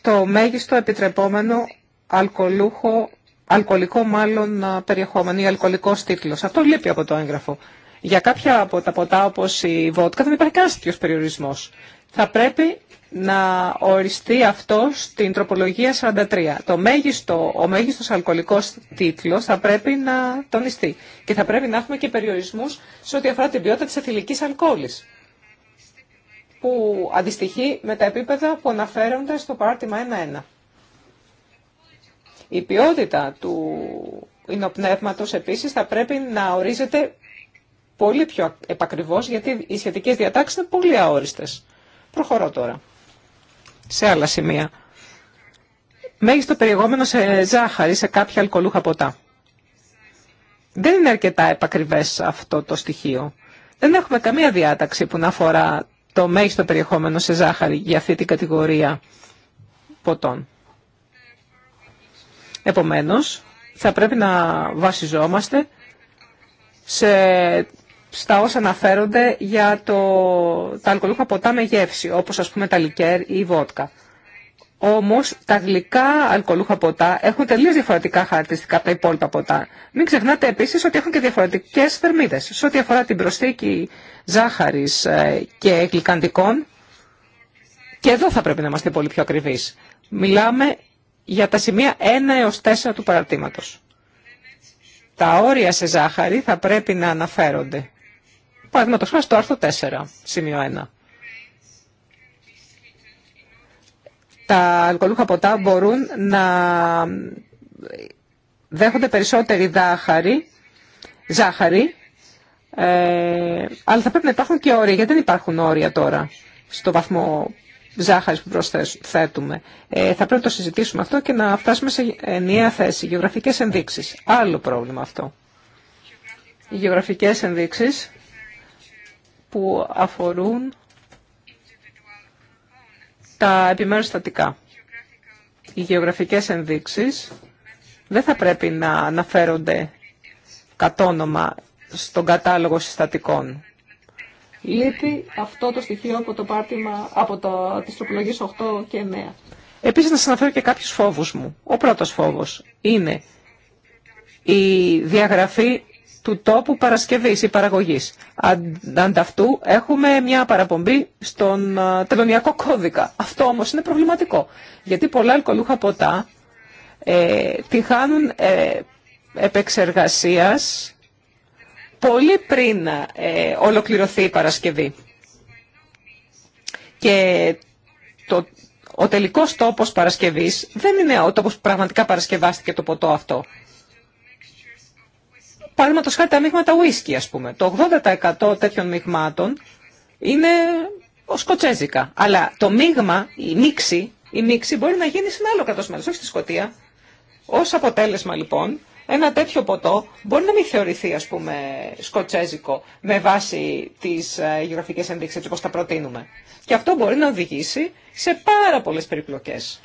Το μέγιστο επιτρεπόμενο αλκοολούχο αλκοολικό μάλλον περιεχόμενο ή αλκοολικός τίτλος. Αυτό λείπει από το έγγραφο. Για κάποια από τα ποτά όπως η αλκοολικος τιτλο αυτο λειπει απο το εγγραφο για καποια απο τα ποτα οπω η βοτκα δεν υπάρχει κανένα τέτοιο περιορισμός. Θα πρέπει να οριστεί αυτό στην τροπολογία 43. Το μέγιστο, ο μέγιστος αλκοολικός τίτλος θα πρέπει να τονιστεί. Και θα πρέπει να έχουμε και περιορισμού σε ό,τι αφορά την ποιότητα τη εθιλικής αλκοόλη. που αντιστοιχεί με τα επίπεδα που αναφέρονται στο παρτιμα 1 1-1. Η ποιότητα του υνοπνεύματος επίσης θα πρέπει να ορίζεται πολύ πιο επακριβώς γιατί οι σχετικές διατάξεις είναι πολύ αόριστες. Προχωρώ τώρα σε άλλα σημεία. Μέγιστο περιεχόμενο σε ζάχαρη, σε κάποια αλκοολούχα ποτά. Δεν είναι αρκετά επακριβές αυτό το στοιχείο. Δεν έχουμε καμία διάταξη που να αφορά το μέγιστο περιεχόμενο σε ζάχαρη για αυτή την κατηγορία ποτών. Επομένως, θα πρέπει να βασιζόμαστε σε, στα όσα αναφέρονται για το, τα αλκοολούχα ποτά με γεύση, όπως ας πούμε τα λικέρ ή η βότκα. Όμως τα γλυκά αλκοολούχα ποτά έχουν τελείως διαφορετικά χαρακτηριστικά από τα υπόλοιπα ποτά. Μην ξεχνάτε επίσης ότι έχουν και διαφορετικές θερμίδες. Σε ό,τι αφορά την προσθήκη ζάχαρης ε, και γλυκαντικών, και εδώ θα πρέπει να είμαστε πολύ πιο ακριβείς. Μιλάμε για τα σημεία 1 έως 4 του παρατήματος. Τα όρια σε ζάχαρη θα πρέπει να αναφέρονται. Παραδείγματος χάρη στο άρθρο 4, σημείο 1. Τα αλκοολούχα ποτά μπορούν να δέχονται περισσότερη δάχαρη, ζάχαρη, ε, αλλά θα πρέπει να υπάρχουν και όρια, γιατί δεν υπάρχουν όρια τώρα στο βαθμό ζάχαρη που προσθέτουμε. Ε, θα πρέπει να το συζητήσουμε αυτό και να φτάσουμε σε ενιαία θέση. Γεωγραφικές ενδείξει. Άλλο πρόβλημα αυτό. Οι γεωγραφικές ενδείξεις που αφορούν τα επιμέρους στατικά. Οι γεωγραφικές ενδείξεις δεν θα πρέπει να αναφέρονται κατόνομα στον κατάλογο συστατικών λείπει αυτό το στοιχείο από το πάρτιμα, από το, τις τροπολογίες 8 και 9. Επίσης να σας αναφέρω και κάποιους φόβους μου. Ο πρώτος φόβος είναι η διαγραφή του τόπου παρασκευής ή παραγωγής. Ανταυτού έχουμε μια παραπομπή στον τελωνιακό κώδικα. Αυτό όμως είναι προβληματικό, γιατί πολλά αλκοολούχα ποτά ε, τη χάνουν ε, επεξεργασίας πολύ πριν ε, ολοκληρωθεί η Παρασκευή. Και το, ο τελικός τόπος Παρασκευής δεν είναι ο τόπος που πραγματικά παρασκευάστηκε το ποτό αυτό. Παραδείγματο χάρη τα μείγματα ουίσκι, ας πούμε. Το 80% τέτοιων μείγματων είναι σκοτσέζικα. Αλλά το μείγμα, η μίξη, η μίξη μπορεί να γίνει σε ένα άλλο κράτο όχι στη Σκοτία. Ως αποτέλεσμα λοιπόν, ένα τέτοιο ποτό μπορεί να μην θεωρηθεί, ας πούμε, σκοτσέζικο με βάση τις ε, γεωγραφικές ενδείξεις, έτσι όπως τα προτείνουμε. Και αυτό μπορεί να οδηγήσει σε πάρα πολλές περιπλοκές.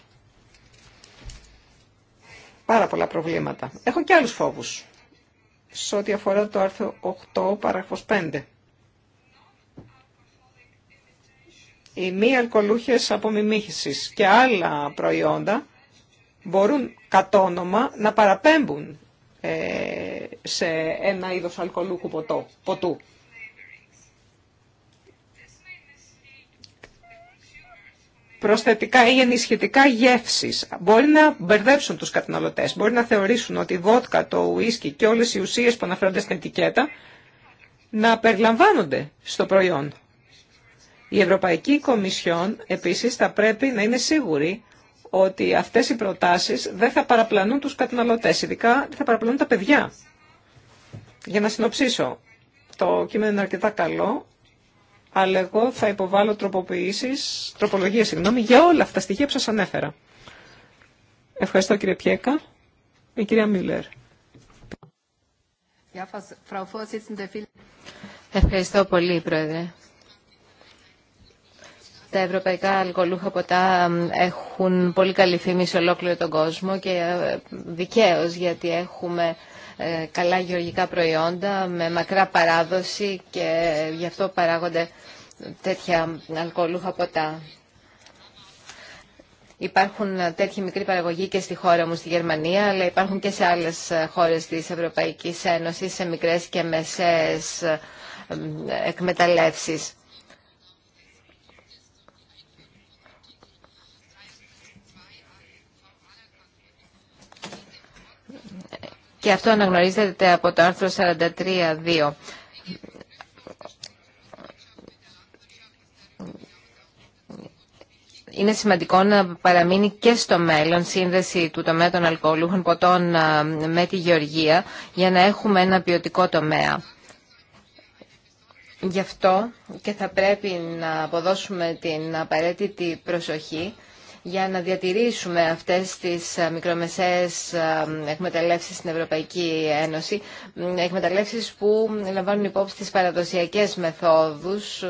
Πάρα πολλά προβλήματα. Έχω και άλλους φόβους. Σε ό,τι αφορά το άρθρο 8, παράγραφος 5. Οι μη αλκοολούχες απομιμήχησης και άλλα προϊόντα μπορούν κατόνομα να παραπέμπουν ε, σε ένα είδος αλκοολούχου ποτού. Προσθετικά ή ενισχυτικά γεύσεις. Μπορεί να μπερδέψουν τους καταναλωτές. Μπορεί να θεωρήσουν ότι η βότκα, το ουίσκι και όλες οι ουσίες που αναφέρονται στην ετικέτα να περιλαμβάνονται στο προϊόν. Η Ευρωπαϊκή Κομισιόν επίσης θα πρέπει να είναι σίγουρη ότι αυτές οι προτάσεις δεν θα παραπλανούν τους καταναλωτές, ειδικά δεν θα παραπλανούν τα παιδιά. Για να συνοψίσω, το κείμενο είναι αρκετά καλό, αλλά εγώ θα υποβάλω τροποποιήσεις, τροπολογίες συγγνώμη, για όλα αυτά τα στοιχεία που σας ανέφερα. Ευχαριστώ κύριε Πιέκα. Η κυρία Μίλλερ. Ευχαριστώ πολύ, Πρόεδρε. Τα ευρωπαϊκά αλκοολούχα ποτά έχουν πολύ καλή φήμη σε ολόκληρο τον κόσμο και ε, δικαίως γιατί έχουμε ε, καλά γεωργικά προϊόντα με μακρά παράδοση και γι' αυτό παράγονται τέτοια αλκοολούχα ποτά. Υπάρχουν τέτοιοι μικροί παραγωγοί και στη χώρα μου, στη Γερμανία, αλλά υπάρχουν και σε άλλες ε, χώρες της Ευρωπαϊκής Ένωσης, σε μικρές και μεσαίες εκμεταλλεύσεις. και αυτό αναγνωρίζεται από το άρθρο 43.2. Είναι σημαντικό να παραμείνει και στο μέλλον σύνδεση του τομέα των αλκοολούχων ποτών με τη γεωργία για να έχουμε ένα ποιοτικό τομέα. Γι' αυτό και θα πρέπει να αποδώσουμε την απαραίτητη προσοχή για να διατηρήσουμε αυτές τις ε, μικρομεσαίες ε, εκμεταλλεύσεις στην Ευρωπαϊκή Ένωση, εκμεταλλεύσεις που λαμβάνουν υπόψη τις παραδοσιακές μεθόδους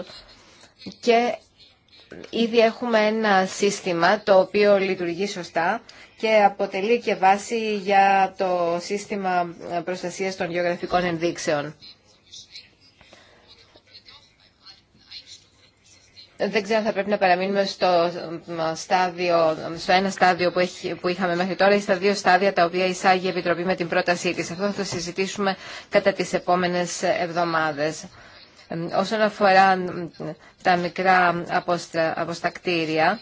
και ήδη έχουμε ένα σύστημα το οποίο λειτουργεί σωστά και αποτελεί και βάση για το σύστημα ε, προστασίας των γεωγραφικών ενδείξεων. Δεν ξέρω αν θα πρέπει να παραμείνουμε στο, ε, στάδιο, στο ένα στάδιο που, που είχαμε μέχρι τώρα ή στα δύο στάδια τα οποία εισάγει η Επιτροπή με την πρότασή της. Αυτό θα το συζητήσουμε κατά τις επόμενες εβδομάδες. Ε, όσον αφορά ε, τα μικρά αποστακτήρια,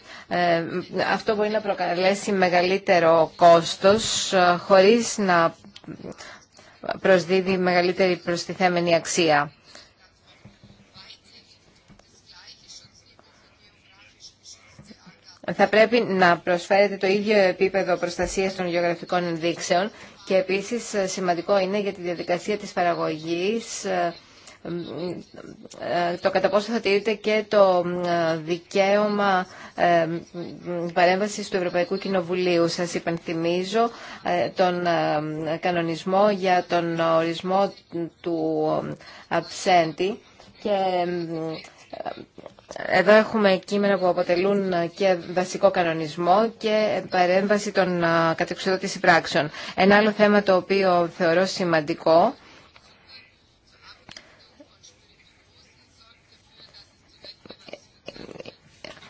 αυτό μπορεί να προκαλέσει μεγαλύτερο κόστος χωρίς να προσδίδει μεγαλύτερη προστιθέμενη αξία. θα πρέπει να προσφέρεται το ίδιο επίπεδο προστασίας των γεωγραφικών ενδείξεων και επίσης ε, σημαντικό είναι για τη διαδικασία της παραγωγής ε, ε, το κατά πόσο θα τηρείται και το δικαίωμα παρέμβασης του Ευρωπαϊκού Κοινοβουλίου. Σας υπενθυμίζω τον κανονισμό για τον ορισμό του αψέντη και εδώ έχουμε κείμενα που αποτελούν ε, και βασικό κανονισμό και παρέμβαση των ε, κατεξοδότηση πράξεων. Ένα άλλο θέμα το οποίο θεωρώ σημαντικό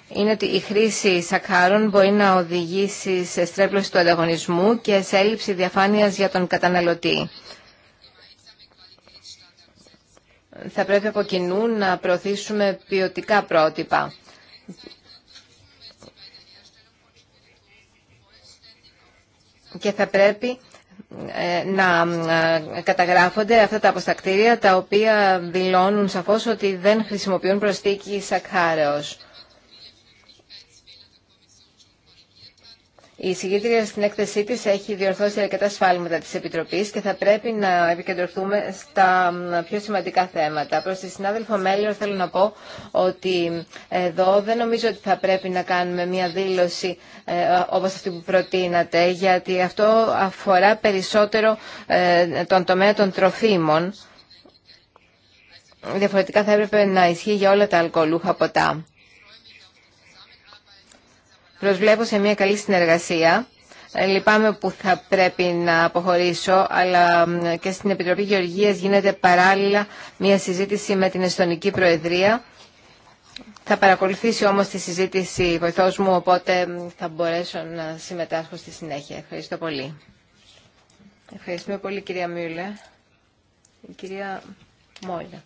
είναι ότι η χρήση σακάρων μπορεί να οδηγήσει σε στρέβλωση του ανταγωνισμού και σε έλλειψη διαφάνειας για τον καταναλωτή. θα πρέπει από κοινού να προωθήσουμε ποιοτικά πρότυπα. Και θα πρέπει ε, να ε, καταγράφονται αυτά τα αποστακτήρια τα οποία δηλώνουν σαφώς ότι δεν χρησιμοποιούν προστίκη σακχάρεως. Η συγκίτρια στην έκθεσή της έχει διορθώσει αρκετά σφάλματα της Επιτροπής και θα πρέπει να επικεντρωθούμε στα πιο σημαντικά θέματα. Προς τη συνάδελφο Μέλλερ θέλω να πω ότι εδώ δεν νομίζω ότι θα πρέπει να κάνουμε μια δήλωση ε, όπως αυτή που προτείνατε, γιατί αυτό αφορά περισσότερο ε, τον τομέα των τροφίμων. Διαφορετικά θα έπρεπε να ισχύει για όλα τα αλκοολούχα ποτά. Προσβλέπω σε μια καλή συνεργασία. Ε, λυπάμαι που θα πρέπει να αποχωρήσω, αλλά και στην Επιτροπή Γεωργίας γίνεται παράλληλα μια συζήτηση με την Εστονική Προεδρία. Θα παρακολουθήσει όμως τη συζήτηση βοηθός μου, οπότε θα μπορέσω να συμμετάσχω στη συνέχεια. Ευχαριστώ πολύ. Ευχαριστούμε πολύ κυρία Μιούλε. Η κυρία Μόλια.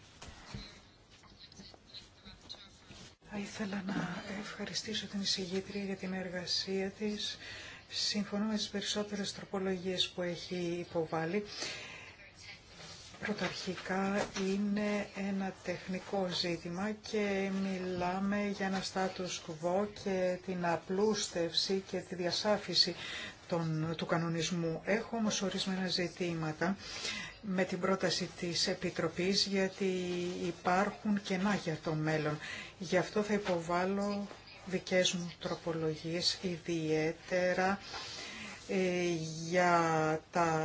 Θα ήθελα να ευχαριστήσω την εισηγήτρια για την εργασία της. Συμφωνώ με τις περισσότερες τροπολογίες που έχει υποβάλει. Πρωταρχικά είναι ένα τεχνικό ζήτημα και μιλάμε για ένα status quo και την απλούστευση και τη διασάφιση των, του κανονισμού. Έχω όμως ορισμένα ζητήματα με την πρόταση της Επιτροπής γιατί υπάρχουν κενά για το μέλλον. Γι' αυτό θα υποβάλω δικές μου τροπολογίες ιδιαίτερα ε, για τα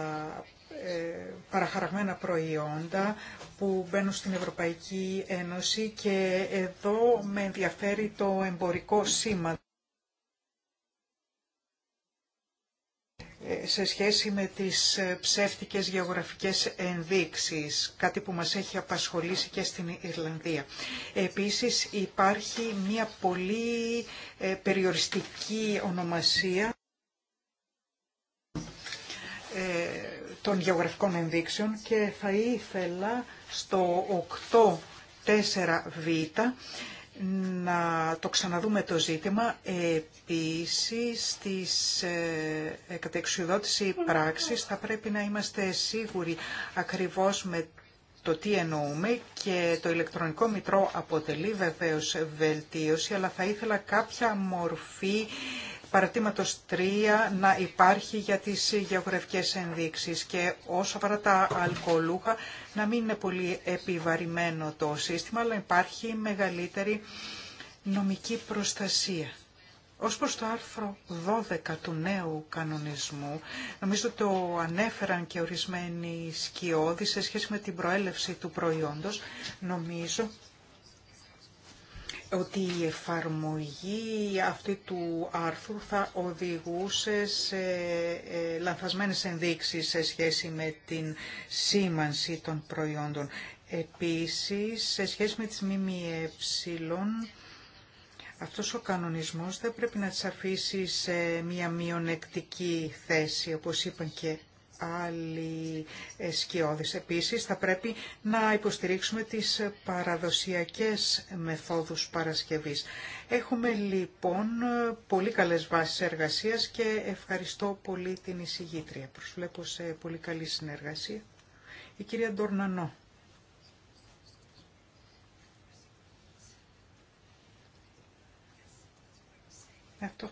ε, παραχαραγμένα προϊόντα που μπαίνουν στην Ευρωπαϊκή Ένωση και εδώ με ενδιαφέρει το εμπορικό σήμα. σε σχέση με τις ε, ψεύτικες γεωγραφικές ενδείξεις, κάτι που μας έχει απασχολήσει και στην Ιρλανδία. Επίσης υπάρχει μια πολύ ε, περιοριστική ονομασία ε, των γεωγραφικών ενδείξεων και θα ήθελα στο 8.4β να το ξαναδούμε το ζήτημα. Επίσης, στις ε, ε πράξεις, θα πρέπει να είμαστε σίγουροι ακριβώς με το τι εννοούμε και το ηλεκτρονικό μητρό αποτελεί βεβαίως βελτίωση, αλλά θα ήθελα κάποια μορφή παρατήματος 3 να υπάρχει για τις γεωγραφικές ενδείξεις και όσο αφορά τα αλκοολούχα να μην είναι πολύ επιβαρημένο το σύστημα αλλά υπάρχει μεγαλύτερη νομική προστασία. Ως προς το άρθρο 12 του νέου κανονισμού, νομίζω το ανέφεραν και ορισμένοι σκιώδη σε σχέση με την προέλευση του προϊόντος, νομίζω ότι η εφαρμογή αυτή του άρθρου θα οδηγούσε σε ε, λανθασμένες ενδείξεις σε σχέση με την σήμανση των προϊόντων. Επίσης, σε σχέση με τις ΜΜΕ, αυτός ο κανονισμός δεν πρέπει να τις αφήσει σε μια μειονεκτική θέση, όπως είπαν και άλλοι Εσκιόδης Επίσης, θα πρέπει να υποστηρίξουμε τις παραδοσιακές μεθόδους παρασκευής. Έχουμε λοιπόν πολύ καλές βάσεις εργασίας και ευχαριστώ πολύ την εισηγήτρια. Προσβλέπω σε πολύ καλή συνεργασία. Η κυρία Ντορνανό. Αυτό.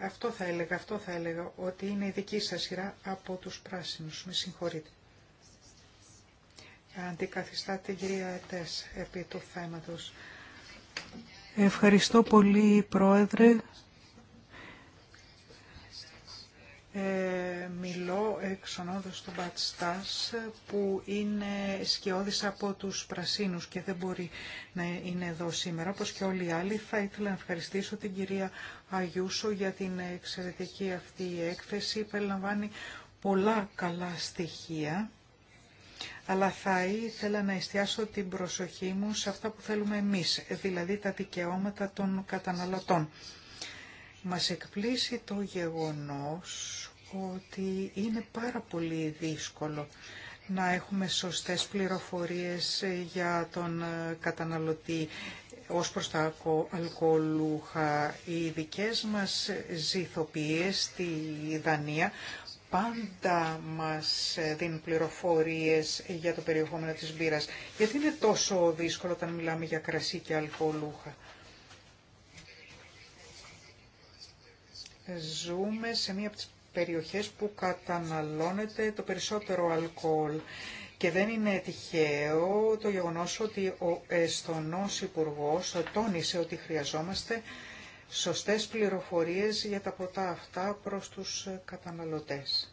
Αυτό θα έλεγα, αυτό θα έλεγα, ότι είναι η δική σας σειρά από τους πράσινους. Με συγχωρείτε. Αντικαθιστάτε, κυρία Ετές επί του θέματος. Ευχαριστώ πολύ, Πρόεδρε. Ε, μιλώ εξ ονόδος του Μπατστάς που είναι σκιώδης από τους Πρασίνους και δεν μπορεί να είναι εδώ σήμερα όπως και όλοι οι άλλοι. Θα ήθελα να ευχαριστήσω την κυρία Αγιούσο για την εξαιρετική αυτή έκθεση. Περιλαμβάνει πολλά καλά στοιχεία αλλά θα ήθελα να εστιάσω την προσοχή μου σε αυτά που θέλουμε εμείς, δηλαδή τα δικαιώματα των καταναλωτών. Μας εκπλήσει το γεγονός ότι είναι πάρα πολύ δύσκολο να έχουμε σωστές πληροφορίες για τον ε, καταναλωτή ως προς τα αλκοολούχα. Οι δικές μας ζηθοποιίες στη Δανία πάντα μας δίνουν πληροφορίες για το περιεχόμενο της μπύρας. Γιατί είναι τόσο δύσκολο όταν μιλάμε για κρασί και αλκοολούχα. Ζούμε σε μία από τις περιοχές που καταναλώνεται το περισσότερο αλκοόλ. Και δεν είναι τυχαίο το γεγονός ότι ο Εστονός Υπουργός τόνισε ότι χρειαζόμαστε σωστές πληροφορίες για τα ποτά αυτά προς τους καταναλωτές.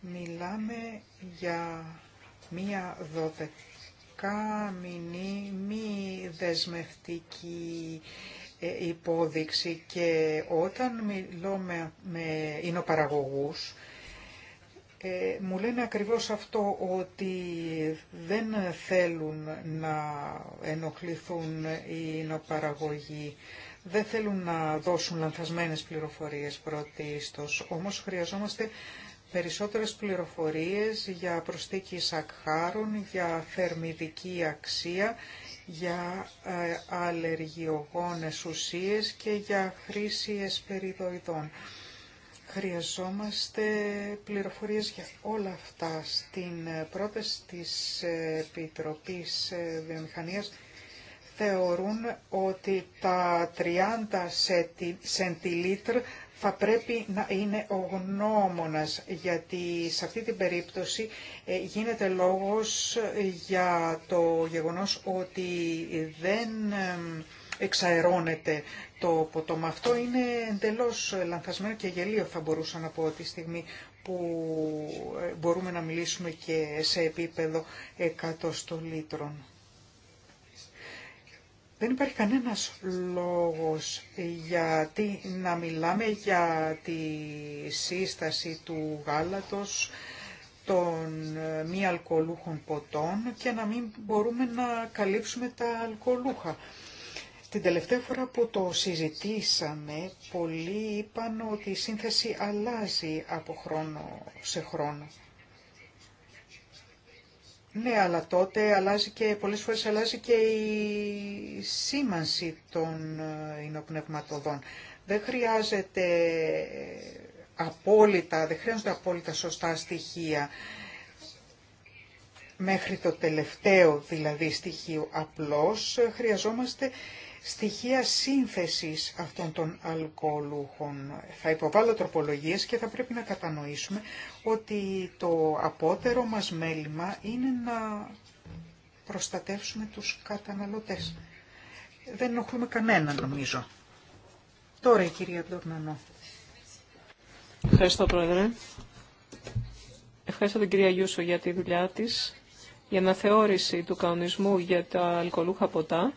Μιλάμε για μία Καμινή μη δεσμευτική ε, υπόδειξη και όταν μιλώ με, με εινοπαραγωγούς ε, μου λένε ακριβώς αυτό ότι δεν θέλουν να ενοχληθούν οι εινοπαραγωγοί δεν θέλουν να δώσουν λανθασμένες πληροφορίες πρωτίστως, όμως χρειαζόμαστε περισσότερες πληροφορίες για προσθήκη σακχάρων, για θερμιδική αξία, για ε, αλλεργιογόνες ουσίες και για χρήση εσπεριδοειδών. Χρειαζόμαστε πληροφορίες για όλα αυτά. Στην ε, πρόταση της ε, Επιτροπής Βιομηχανίας θεωρούν ότι τα 30 σεντιλίτρ θα πρέπει να είναι ο γνώμονας, γιατί σε αυτή την περίπτωση ε, γίνεται λόγος ε, για το γεγονός ότι δεν εξαερώνεται το ποτόμα. Αυτό είναι εντελώς λανθασμένο και γελίο θα μπορούσα να πω τη στιγμή που ε, μπορούμε να μιλήσουμε και σε επίπεδο εκατοστολίτρων. Δεν υπάρχει κανένας λόγος γιατί να μιλάμε για τη σύσταση του γάλατος των ε, μη αλκοολούχων ποτών και να μην μπορούμε να καλύψουμε τα αλκοολούχα. Την τελευταία φορά που το συζητήσαμε, πολλοί είπαν ότι η σύνθεση αλλάζει από χρόνο σε χρόνο. Ναι, αλλά τότε αλλάζει και, πολλές φορές αλλάζει και η σήμανση των υνοπνευματοδών. Ε, δεν χρειάζεται ε, απόλυτα, δεν χρειάζονται απόλυτα σωστά στοιχεία μέχρι το τελευταίο δηλαδή στοιχείο. Απλώς ε, χρειαζόμαστε στοιχεία σύνθεσης αυτών των αλκοολούχων. Θα υποβάλω τροπολογίες και θα πρέπει να κατανοήσουμε ότι το απότερο μας μέλημα είναι να προστατεύσουμε τους καταναλωτές. Δεν ενοχλούμε κανέναν νομίζω. Τώρα η κυρία Ντορνανό. Ευχαριστώ Πρόεδρε. Ευχαριστώ την κυρία Γιούσο για τη δουλειά της, για αναθεώρηση του κανονισμού για τα αλκοολούχα ποτά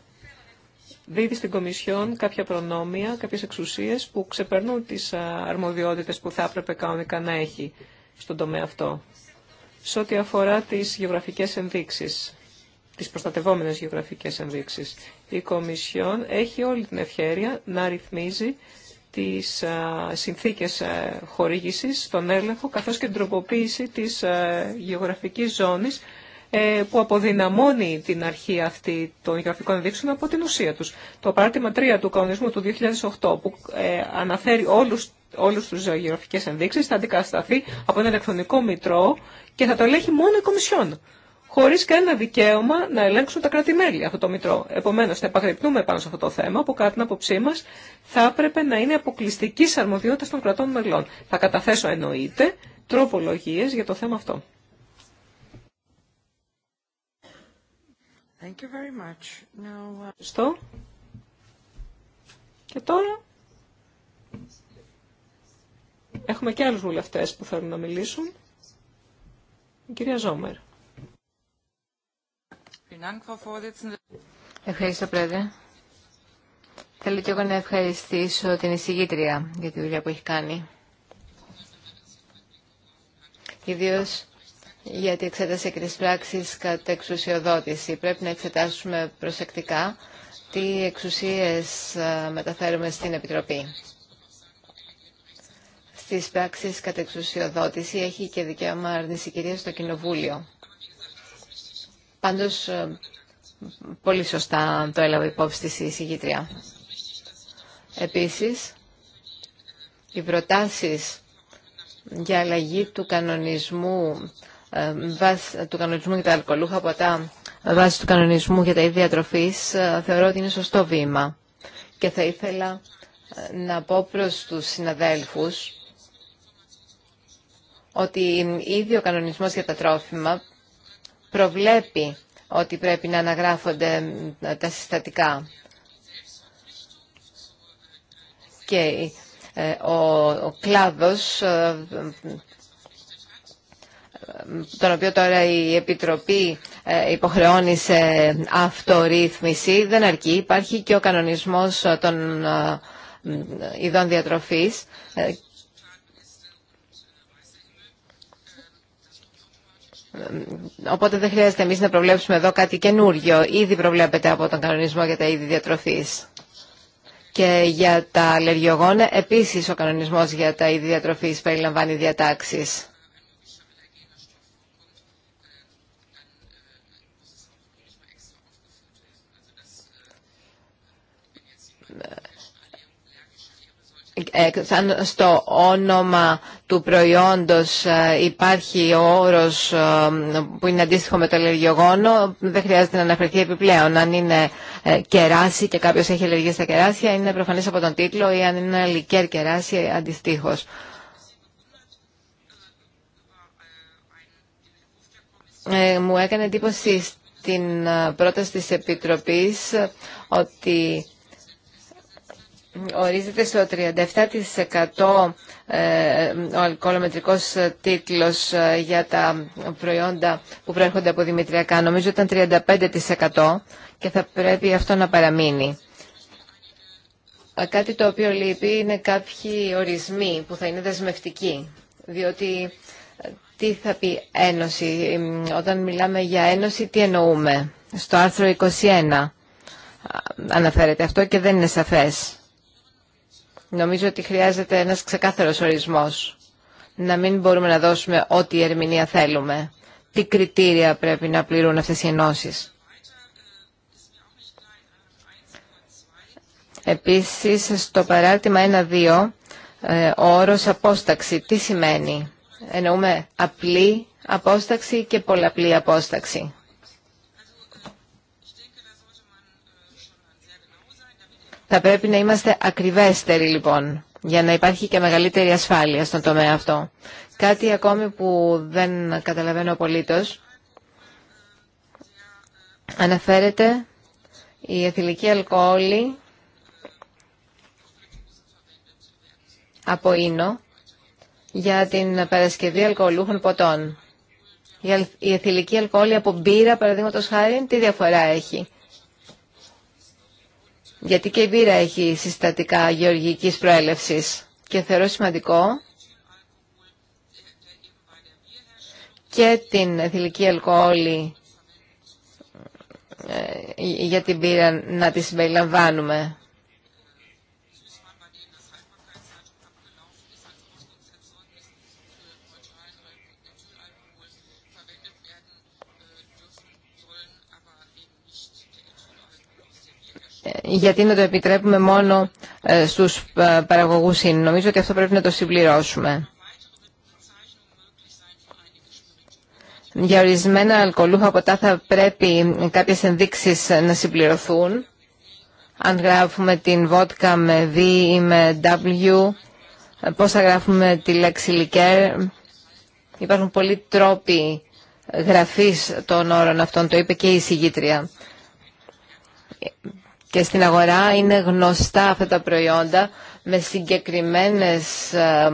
δίδει στην Κομισιόν κάποια προνόμια, κάποιες εξουσίες που ξεπερνούν τις αρμοδιότητες που θα έπρεπε κανονικά να έχει στον τομέα αυτό. Σε ό,τι αφορά τις γεωγραφικές ενδείξεις, τις προστατευόμενες γεωγραφικές ενδείξεις, η Κομισιόν έχει όλη την ευχέρεια να ρυθμίζει τις συνθήκες χορήγησης, τον έλεγχο, καθώς και την τροποποίηση της γεωγραφικής ζώνης ε, που αποδυναμώνει την αρχή αυτή των γραφικών ενδείξεων από την ουσία τους. Το παράδειγμα 3 του κανονισμού του 2008 που ε, αναφέρει όλους όλους τους γεωγραφικές ενδείξεις θα αντικατασταθεί από ένα ηλεκτρονικό μητρό και θα το ελέγχει μόνο η Κομισιόν χωρί κανένα δικαίωμα να ελέγξουν τα κράτη-μέλη αυτό το Μητρό. Επομένω, θα επαγρυπνούμε πάνω σε αυτό το θέμα που, κάτι άποψή μα, θα έπρεπε να είναι αποκλειστική αρμοδιότητα των κρατών μελών. Θα καταθέσω, εννοείται, τροπολογίε για το θέμα αυτό. Thank you very much. Uh, Ευχαριστώ. Και τώρα έχουμε και άλλους βουλευτές που θέλουν να μιλήσουν. Η κυρία Ζόμερ. Ευχαριστώ, Πρόεδρε. Θέλω και εγώ να ευχαριστήσω την εισηγήτρια για τη δουλειά που έχει κάνει. Ιδίως γιατί εξέτασε και τις πράξεις κατά εξουσιοδότηση. Πρέπει να εξετάσουμε προσεκτικά τι εξουσίες ε, μεταφέρουμε στην Επιτροπή. Στις πράξεις κατά εξουσιοδότηση έχει και δικαίωμα αρνηση στο Κοινοβούλιο. Πάντως, ε, πολύ σωστά το έλαβε υπόψη της η συγγήτρια. Επίσης, οι προτάσεις για αλλαγή του κανονισμού ε, βάση του κανονισμού για τα αλκοολούχα τα βάση του κανονισμού για τα ίδια τροφής ε, θεωρώ ότι είναι σωστό βήμα. Και θα ήθελα ε, να πω προς τους συναδέλφους ότι ήδη ο κανονισμός για τα τρόφιμα προβλέπει ότι πρέπει να αναγράφονται τα συστατικά. Και ο κλάδος τον οποίο τώρα η Επιτροπή ε, υποχρεώνει σε αυτορύθμιση, δεν αρκεί. Υπάρχει και ο κανονισμός ε, των ε, ειδών διατροφής Οπότε δεν χρειάζεται εμείς να προβλέψουμε εδώ κάτι καινούργιο. Ήδη προβλέπεται από τον κανονισμό για τα είδη διατροφής. Και για τα αλλεργιογόνα επίσης ο κανονισμός για τα είδη διατροφής περιλαμβάνει διατάξεις. σαν στο όνομα του προϊόντος ε, υπάρχει ο όρος ε, που είναι αντίστοιχο με το αλλεργιογόνο, δεν χρειάζεται να αναφερθεί επιπλέον. Αν είναι ε, κεράσι και κάποιος έχει αλλεργία στα κεράσια, είναι προφανής από τον τίτλο ή αν είναι λικέρ κεράσι αντιστοίχως. μου έκανε εντύπωση στην πρόταση της Επιτροπής ότι ορίζεται στο 37% ε, ο αλκοολομετρικός τίτλος ε, για τα προϊόντα που προέρχονται από Δημητριακά. Νομίζω ήταν 35% και θα πρέπει αυτό να παραμείνει. Ε, κάτι το οποίο λείπει είναι κάποιοι ορισμοί που θα είναι δεσμευτικοί, διότι τι θα πει ένωση, όταν μιλάμε για ένωση τι εννοούμε. Στο άρθρο 21 αναφέρεται αυτό και δεν είναι σαφές. Νομίζω ότι χρειάζεται ένας ξεκάθαρος ορισμός. Να μην μπορούμε να δώσουμε ό,τι ερμηνεία θέλουμε. Τι κριτήρια πρέπει να πληρούν αυτές οι ενώσεις. Επίσης, στο παράρτημα 1-2, ε, ο όρος απόσταξη, τι σημαίνει. Εννοούμε απλή απόσταξη και πολλαπλή απόσταξη. Θα πρέπει να είμαστε ακριβέστεροι λοιπόν για να υπάρχει και μεγαλύτερη ασφάλεια στον τομέα αυτό. Κάτι ακόμη που δεν καταλαβαίνω απολύτως αναφέρεται η εθιλική αλκοόλη από ίνο για την παρασκευή αλκοολούχων ποτών. Η εθιλική αλκοόλη από μπύρα, παραδείγματος χάρη, τι διαφορά έχει γιατί και η μπύρα έχει συστατικά γεωργικής προέλευσης και θεωρώ σημαντικό και την θηλυκή αλκοόλη ε, για την πύρα να τη συμπεριλαμβάνουμε. γιατί να το επιτρέπουμε μόνο ε, στους ε, παραγωγούς είναι. Νομίζω ότι αυτό πρέπει να το συμπληρώσουμε. Για ορισμένα αλκοολούχα ποτά θα πρέπει κάποιες ενδείξεις ε, να συμπληρωθούν. Αν γράφουμε την βότκα με V ή με W, πώς θα γράφουμε τη λέξη λικέρ. Υπάρχουν πολλοί τρόποι γραφής των όρων αυτών, το είπε και η συγγήτρια και στην αγορά είναι γνωστά αυτά τα προϊόντα με συγκεκριμένες ε,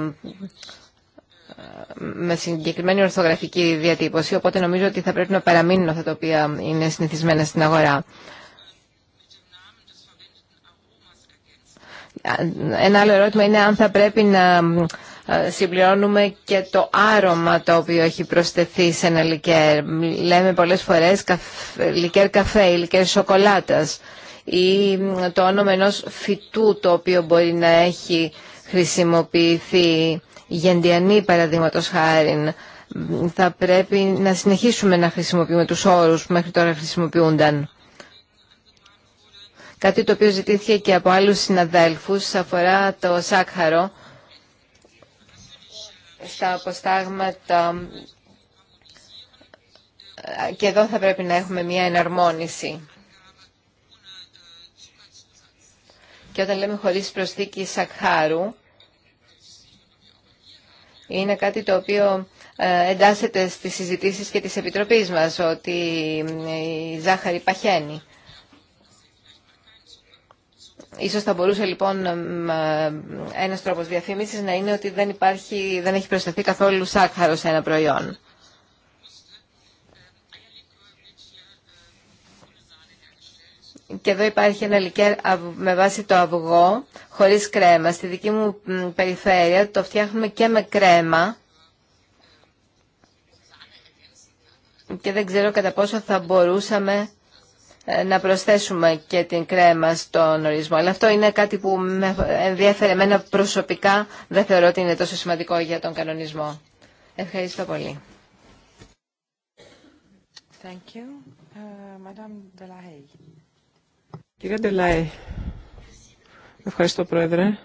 με συγκεκριμένη ορθογραφική διατύπωση, οπότε νομίζω ότι θα πρέπει να παραμείνουν αυτά τα οποία είναι συνηθισμένα στην αγορά. Ένα άλλο ερώτημα είναι αν θα πρέπει να ε, συμπληρώνουμε και το άρωμα το οποίο έχει προσθεθεί σε ένα λικέρ. Λέμε πολλές φορές λικέρ καφέ ή λικέρ σοκολάτας ή το όνομα ενός φυτού το οποίο μπορεί να έχει χρησιμοποιηθεί γεντιανή παραδείγματο χάριν. Θα πρέπει να συνεχίσουμε να χρησιμοποιούμε τους όρους που μέχρι τώρα χρησιμοποιούνταν. Κάτι το οποίο ζητήθηκε και από άλλους συναδέλφους αφορά το σάκχαρο στα αποστάγματα ε, και εδώ θα πρέπει να έχουμε μια εναρμόνιση. Και όταν λέμε χωρίς προσθήκη σακχάρου, είναι κάτι το οποίο ε, εντάσσεται στις συζητήσεις και της Επιτροπής μας, ότι ε, η ζάχαρη παχαίνει. Ίσως θα μπορούσε λοιπόν ε, ένας τρόπος διαφήμισης να είναι ότι δεν, υπάρχει, δεν έχει προσταθεί καθόλου σάκχαρο σε ένα προϊόν. και εδώ υπάρχει ένα λικέρ με βάση το αυγό, χωρίς κρέμα. Στη δική μου περιφέρεια το φτιάχνουμε και με κρέμα και δεν ξέρω κατά πόσο θα μπορούσαμε ε, να προσθέσουμε και την κρέμα στον ορισμό. Αλλά αυτό είναι κάτι που με ενδιαφέρει εμένα προσωπικά. Δεν θεωρώ ότι είναι τόσο σημαντικό για τον κανονισμό. Ευχαριστώ πολύ. Ε, Ντελάη, ευχαριστώ Πρόεδρε.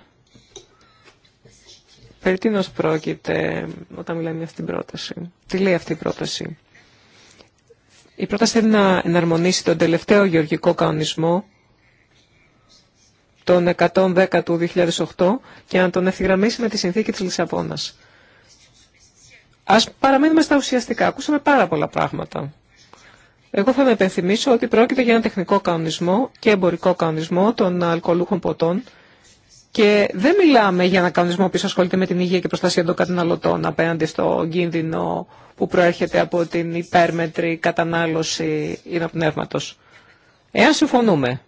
Περί τίνος πρόκειται όταν μιλάμε για αυτή την πρόταση. Τι λέει αυτή η πρόταση. Η πρόταση θέλει να εναρμονίσει τον τελευταίο γεωργικό κανονισμό τον 110 του 2008 και να τον ευθυγραμμίσει με τη συνθήκη της Λισαβόνας. Ας παραμείνουμε στα ουσιαστικά. Ακούσαμε πάρα πολλά πράγματα. Εγώ θα με επενθυμίσω ότι πρόκειται για ένα τεχνικό κανονισμό και εμπορικό κανονισμό των αλκοολούχων ποτών και δεν μιλάμε για ένα κανονισμό που ασχολείται με την υγεία και προστασία των καταναλωτών απέναντι στο κίνδυνο που προέρχεται από την υπέρμετρη κατανάλωση υνοπνεύματος. Εάν συμφωνούμε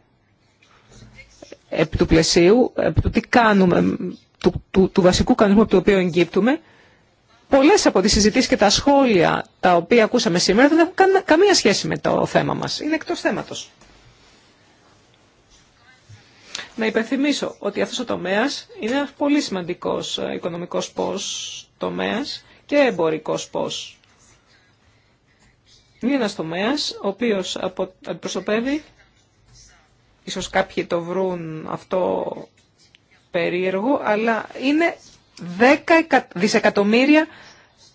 επί του πλαισίου, επί του τι κάνουμε, του, του βασικού κανονισμού από το οποίο εγκύπτουμε, Πολλέ από τις συζητήσει και τα σχόλια τα οποία ακούσαμε σήμερα δεν έχουν καμία σχέση με το θέμα μας. Είναι εκτός θέματος. Να υπενθυμίσω ότι αυτός ο τομέας είναι ένα πολύ σημαντικό ε, οικονομικός πώ τομέας και εμπορικός πώ. Είναι ένας τομέας ο οποίος αντιπροσωπεύει, ίσως κάποιοι το βρουν αυτό περίεργο, αλλά είναι 10 δισεκατομμύρια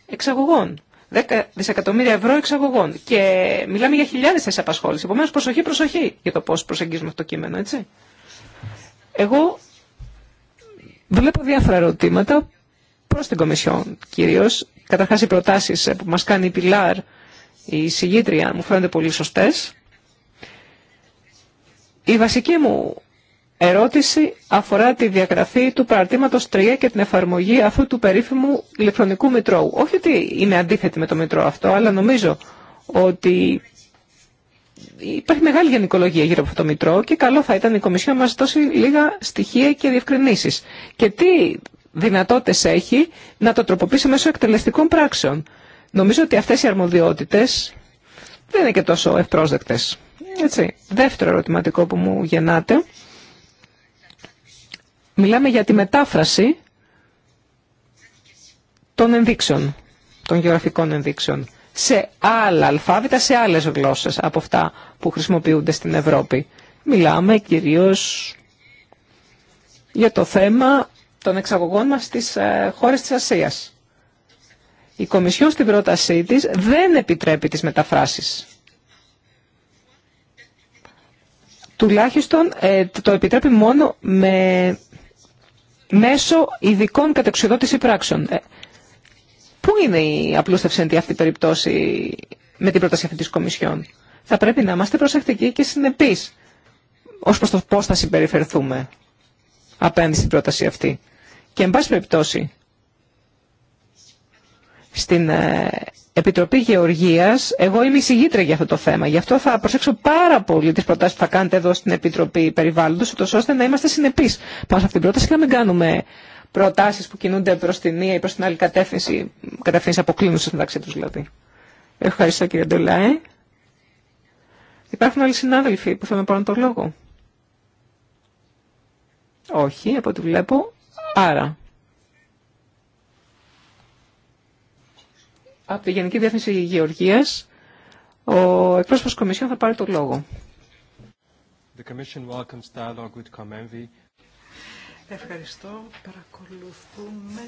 εξαγωγών. 10 δισεκατομμύρια ευρώ εξαγωγών. Και μιλάμε για χιλιάδε θέσει απασχόληση. Επομένω, προσοχή, προσοχή για το πώ προσεγγίζουμε αυτό το κείμενο, έτσι. Εγώ βλέπω διάφορα ερωτήματα προ την Κομισιόν κυρίω. Καταρχά, οι προτάσει που μα κάνει η Πιλάρ, η συγγήτρια, μου φαίνονται πολύ σωστέ. Η βασική μου Ερώτηση αφορά τη διαγραφή του παρατήματος 3 και την εφαρμογή αυτού του περίφημου ηλεκτρονικού μητρώου. Όχι ότι είναι αντίθετη με το μητρό αυτό, αλλά νομίζω ότι υπάρχει μεγάλη γενικολογία γύρω από αυτό το μητρό και καλό θα ήταν η Κομισιόν να μας δώσει λίγα στοιχεία και διευκρινήσεις. Και τι δυνατότητες έχει να το τροποποιήσει μέσω εκτελεστικών πράξεων. Νομίζω ότι αυτές οι αρμοδιότητες δεν είναι και τόσο ευπρόσδεκτες. Έτσι. Δεύτερο ερωτηματικό που μου γεννάτε Μιλάμε για τη μετάφραση των ενδείξεων, των γεωγραφικών ενδείξεων, σε άλλα αλφάβητα, σε άλλες γλώσσες από αυτά που χρησιμοποιούνται στην Ευρώπη. Μιλάμε κυρίως για το θέμα των εξαγωγών μας στις ε, χώρες της Ασίας. Η Κομισιόν στην πρότασή της δεν επιτρέπει τις μεταφράσεις. Τουλάχιστον ε, το επιτρέπει μόνο με μέσω ειδικών κατεξοδότηση πράξεων. Ε, πού είναι η απλούστευση εν αυτή περιπτώσει με την πρόταση αυτή τη Κομισιόν. Θα πρέπει να είμαστε προσεκτικοί και συνεπείς ω προς το πώς θα συμπεριφερθούμε απέναντι στην πρόταση αυτή. Και εν πάση περιπτώσει, στην ε, Επιτροπή Γεωργίας, εγώ είμαι εισηγήτρια για αυτό το θέμα. Γι' αυτό θα προσέξω πάρα πολύ τις προτάσεις που θα κάνετε εδώ στην Επιτροπή Περιβάλλοντος, ούτως ώστε να είμαστε συνεπείς πάνω σε αυτήν την πρόταση και να μην κάνουμε προτάσεις που κινούνται προς την μία ή προς την άλλη κατεύθυνση, κατεύθυνση αποκλίνουσης μεταξύ τους δηλαδή. Ευχαριστώ κύριε Ντολάε. Υπάρχουν άλλοι συνάδελφοι που θέλουν να πάρουν τον λόγο. Όχι, από ό,τι βλέπω. Άρα, από τη Γενική Διεύθυνση Γεωργίας, ο εκπρόσωπος Κομισιόν θα πάρει το λόγο. The Commission welcomes dialogue with Ευχαριστώ. Παρακολουθούμε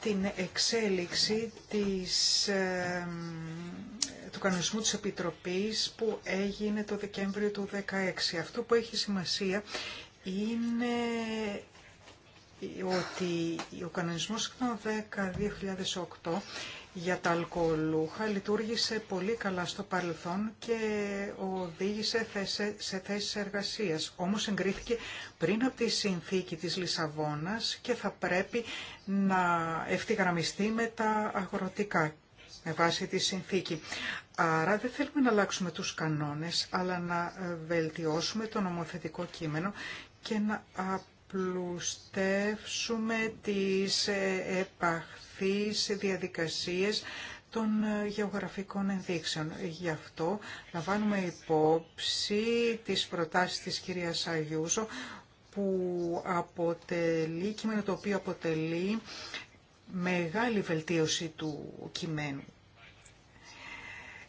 την εξέλιξη της, του κανονισμού της Επιτροπής που έγινε το Δεκέμβριο του 2016. Αυτό που έχει σημασία είναι ότι ο κανονισμός 10-2008 για τα αλκοολούχα λειτουργήσε πολύ καλά στο παρελθόν και οδήγησε σε θέσεις εργασίας. Όμως εγκρίθηκε πριν από τη συνθήκη της Λισαβόνας και θα πρέπει να ευθυγραμμιστεί με τα αγροτικά με βάση τη συνθήκη. Άρα δεν θέλουμε να αλλάξουμε τους κανόνες, αλλά να ε, βελτιώσουμε το νομοθετικό κείμενο και να απλουστεύσουμε τις ε, επαχθές σε διαδικασίες των ε, γεωγραφικών ενδείξεων. Γι' αυτό λαμβάνουμε υπόψη τις προτάσεις της κυρίας Αγιούζο που αποτελεί, κείμενο το οποίο αποτελεί μεγάλη βελτίωση του κειμένου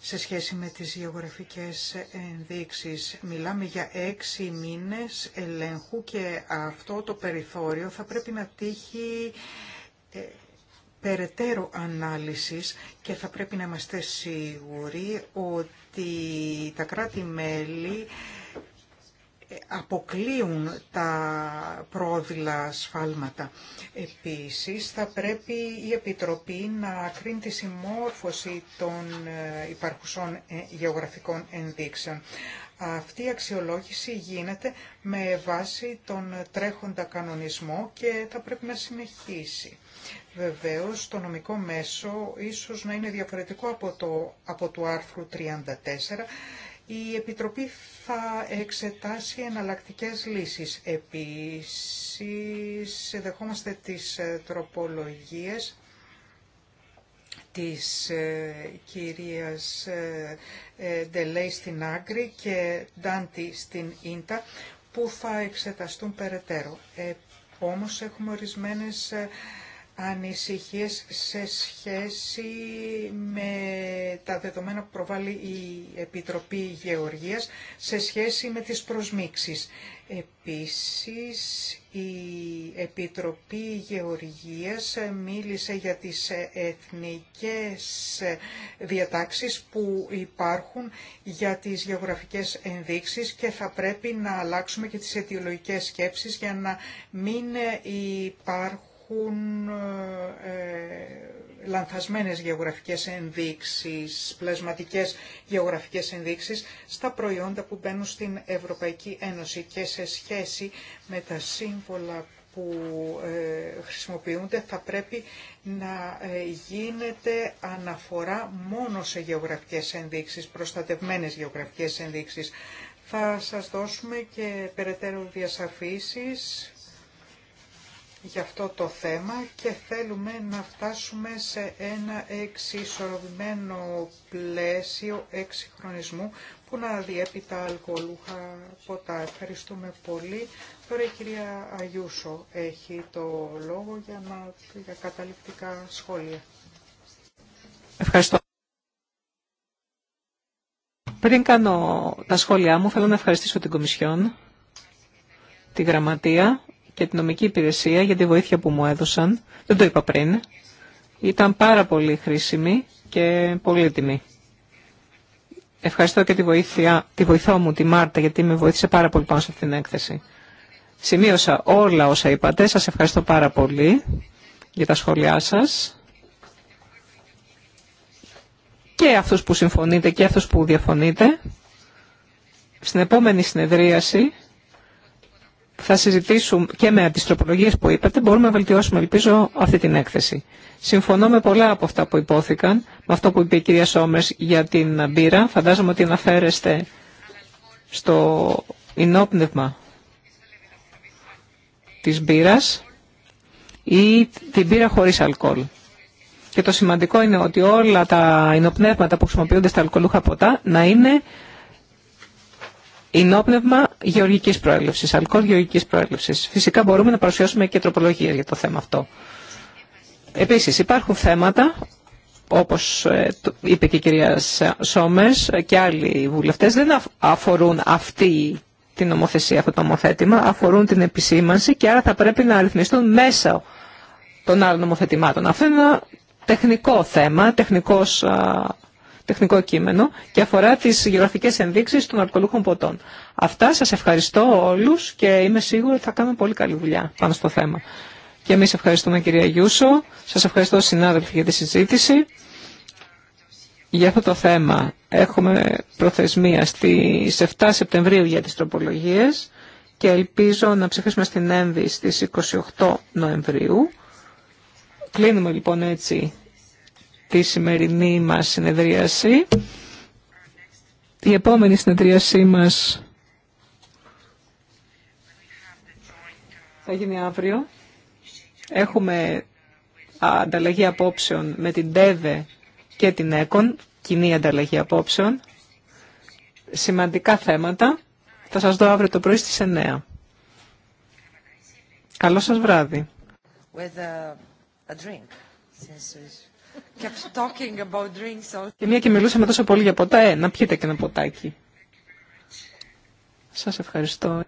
σε σχέση με τις γεωγραφικές ενδείξεις. Μιλάμε για έξι μήνες ελέγχου και αυτό το περιθώριο θα πρέπει να τύχει ε, περαιτέρω ανάλυσης και θα πρέπει να είμαστε σίγουροι ότι τα κράτη-μέλη ε, αποκλείουν τα πρόδειλα σφάλματα. Επίσης, θα πρέπει η Επιτροπή να κρίνει τη συμμόρφωση των ε, υπαρχουσών ε, γεωγραφικών ενδείξεων. Αυτή η αξιολόγηση γίνεται με βάση τον τρέχοντα κανονισμό και θα πρέπει να συνεχίσει. Βεβαίως, το νομικό μέσο ίσως να είναι διαφορετικό από, το, από του άρθρου 34. Η Επιτροπή θα εξετάσει εναλλακτικές λύσεις. Επίσης, δεχόμαστε τις ε, τροπολογίες της ε, κυρίας ε, Ντελέη στην Άγκρη και Ντάντι στην Ίντα, που θα εξεταστούν περαιτέρω. Ε, όμως, έχουμε ορισμένες ανησυχίες σε σχέση με τα δεδομένα που προβάλλει η Επιτροπή Γεωργίας σε σχέση με τις προσμίξεις. Επίσης, η Επιτροπή Γεωργίας μίλησε για τις εθνικές διατάξεις που υπάρχουν για τις γεωγραφικές ενδείξεις και θα πρέπει να αλλάξουμε και τις αιτιολογικές σκέψεις για να μην υπάρχουν υπάρχουν ε, ε, λανθασμένες γεωγραφικές ενδείξεις, πλασματικές γεωγραφικές ενδείξεις στα προϊόντα που μπαίνουν στην Ευρωπαϊκή Ένωση και σε σχέση με τα σύμβολα που ε, χρησιμοποιούνται θα πρέπει να γίνεται αναφορά μόνο σε γεωγραφικές ενδείξεις, προστατευμένες γεωγραφικές ενδείξεις. Θα σας δώσουμε και περαιτέρω διασαφήσεις για αυτό το θέμα και θέλουμε να φτάσουμε σε ένα εξισορροπημένο πλαίσιο εξυγχρονισμού που να διέπει τα αλκοολούχα ποτά. Ευχαριστούμε πολύ. Τώρα η κυρία Αγιούσο έχει το λόγο για, να, για σχόλια. Ευχαριστώ. Πριν κάνω τα σχόλιά μου, θέλω να ευχαριστήσω την Κομισιόν, τη Γραμματεία, και την νομική υπηρεσία για τη βοήθεια που μου έδωσαν. Δεν το είπα πριν. Ήταν πάρα πολύ χρήσιμη και πολύτιμη. Ευχαριστώ και τη, βοήθεια, τη βοηθό μου, τη Μάρτα, γιατί με βοήθησε πάρα πολύ πάνω σε αυτήν την έκθεση. Σημείωσα όλα όσα είπατε. Σας ευχαριστώ πάρα πολύ για τα σχόλιά σας. Και αυτούς που συμφωνείτε και αυτούς που διαφωνείτε. Στην επόμενη συνεδρίαση θα συζητήσουμε και με τις τροπολογίες που είπατε, μπορούμε να βελτιώσουμε, ελπίζω, αυτή την έκθεση. Συμφωνώ με πολλά από αυτά που υπόθηκαν, με αυτό που είπε η κυρία Σόμες για την μπύρα. Φαντάζομαι ότι αναφέρεστε στο ενόπνευμα της μπύρας ή την μπύρα χωρίς αλκοόλ. Και το σημαντικό είναι ότι όλα τα ενοπνεύματα που χρησιμοποιούνται στα αλκοολούχα ποτά να είναι Ινόπνευμα γεωργικής προέλευσης, αλκοόλ γεωργικής προέλευσης. Φυσικά μπορούμε να παρουσιάσουμε και τροπολογίες για το θέμα αυτό. Επίσης υπάρχουν θέματα, όπως ε, είπε και η κυρία Σόμες και άλλοι βουλευτές, δεν αφορούν αυτή την νομοθεσία, αυτό το νομοθέτημα, αφορούν την επισήμανση και άρα θα πρέπει να αριθμιστούν μέσα των άλλων νομοθετημάτων. Αυτό είναι ένα τεχνικό θέμα, τεχνικός τεχνικό κείμενο και αφορά τις γεωγραφικές ενδείξεις των αρκολούχων ποτών. Αυτά σας ευχαριστώ όλους και είμαι σίγουρη ότι θα κάνουμε πολύ καλή δουλειά πάνω στο θέμα. Και εμείς ευχαριστούμε κυρία Γιούσο, σας ευχαριστώ συνάδελφοι για τη συζήτηση. Για αυτό το θέμα έχουμε προθεσμία στις 7 Σεπτεμβρίου για τις τροπολογίες και ελπίζω να ψηφίσουμε στην ΕΜΒΗ στις 28 Νοεμβρίου. Κλείνουμε λοιπόν έτσι τη σημερινή μας συνεδρίαση. Η επόμενη συνεδρίασή μας θα γίνει αύριο. Έχουμε ανταλλαγή απόψεων με την ΤΕΒΕ και την ΕΚΟΝ, κοινή ανταλλαγή απόψεων. Σημαντικά θέματα. Θα σας δω αύριο το πρωί στις 9. Καλό σας βράδυ. Και μια και μιλούσαμε τόσο πολύ για ποτά, ε, να πιείτε και ένα ποτάκι. Σας ευχαριστώ.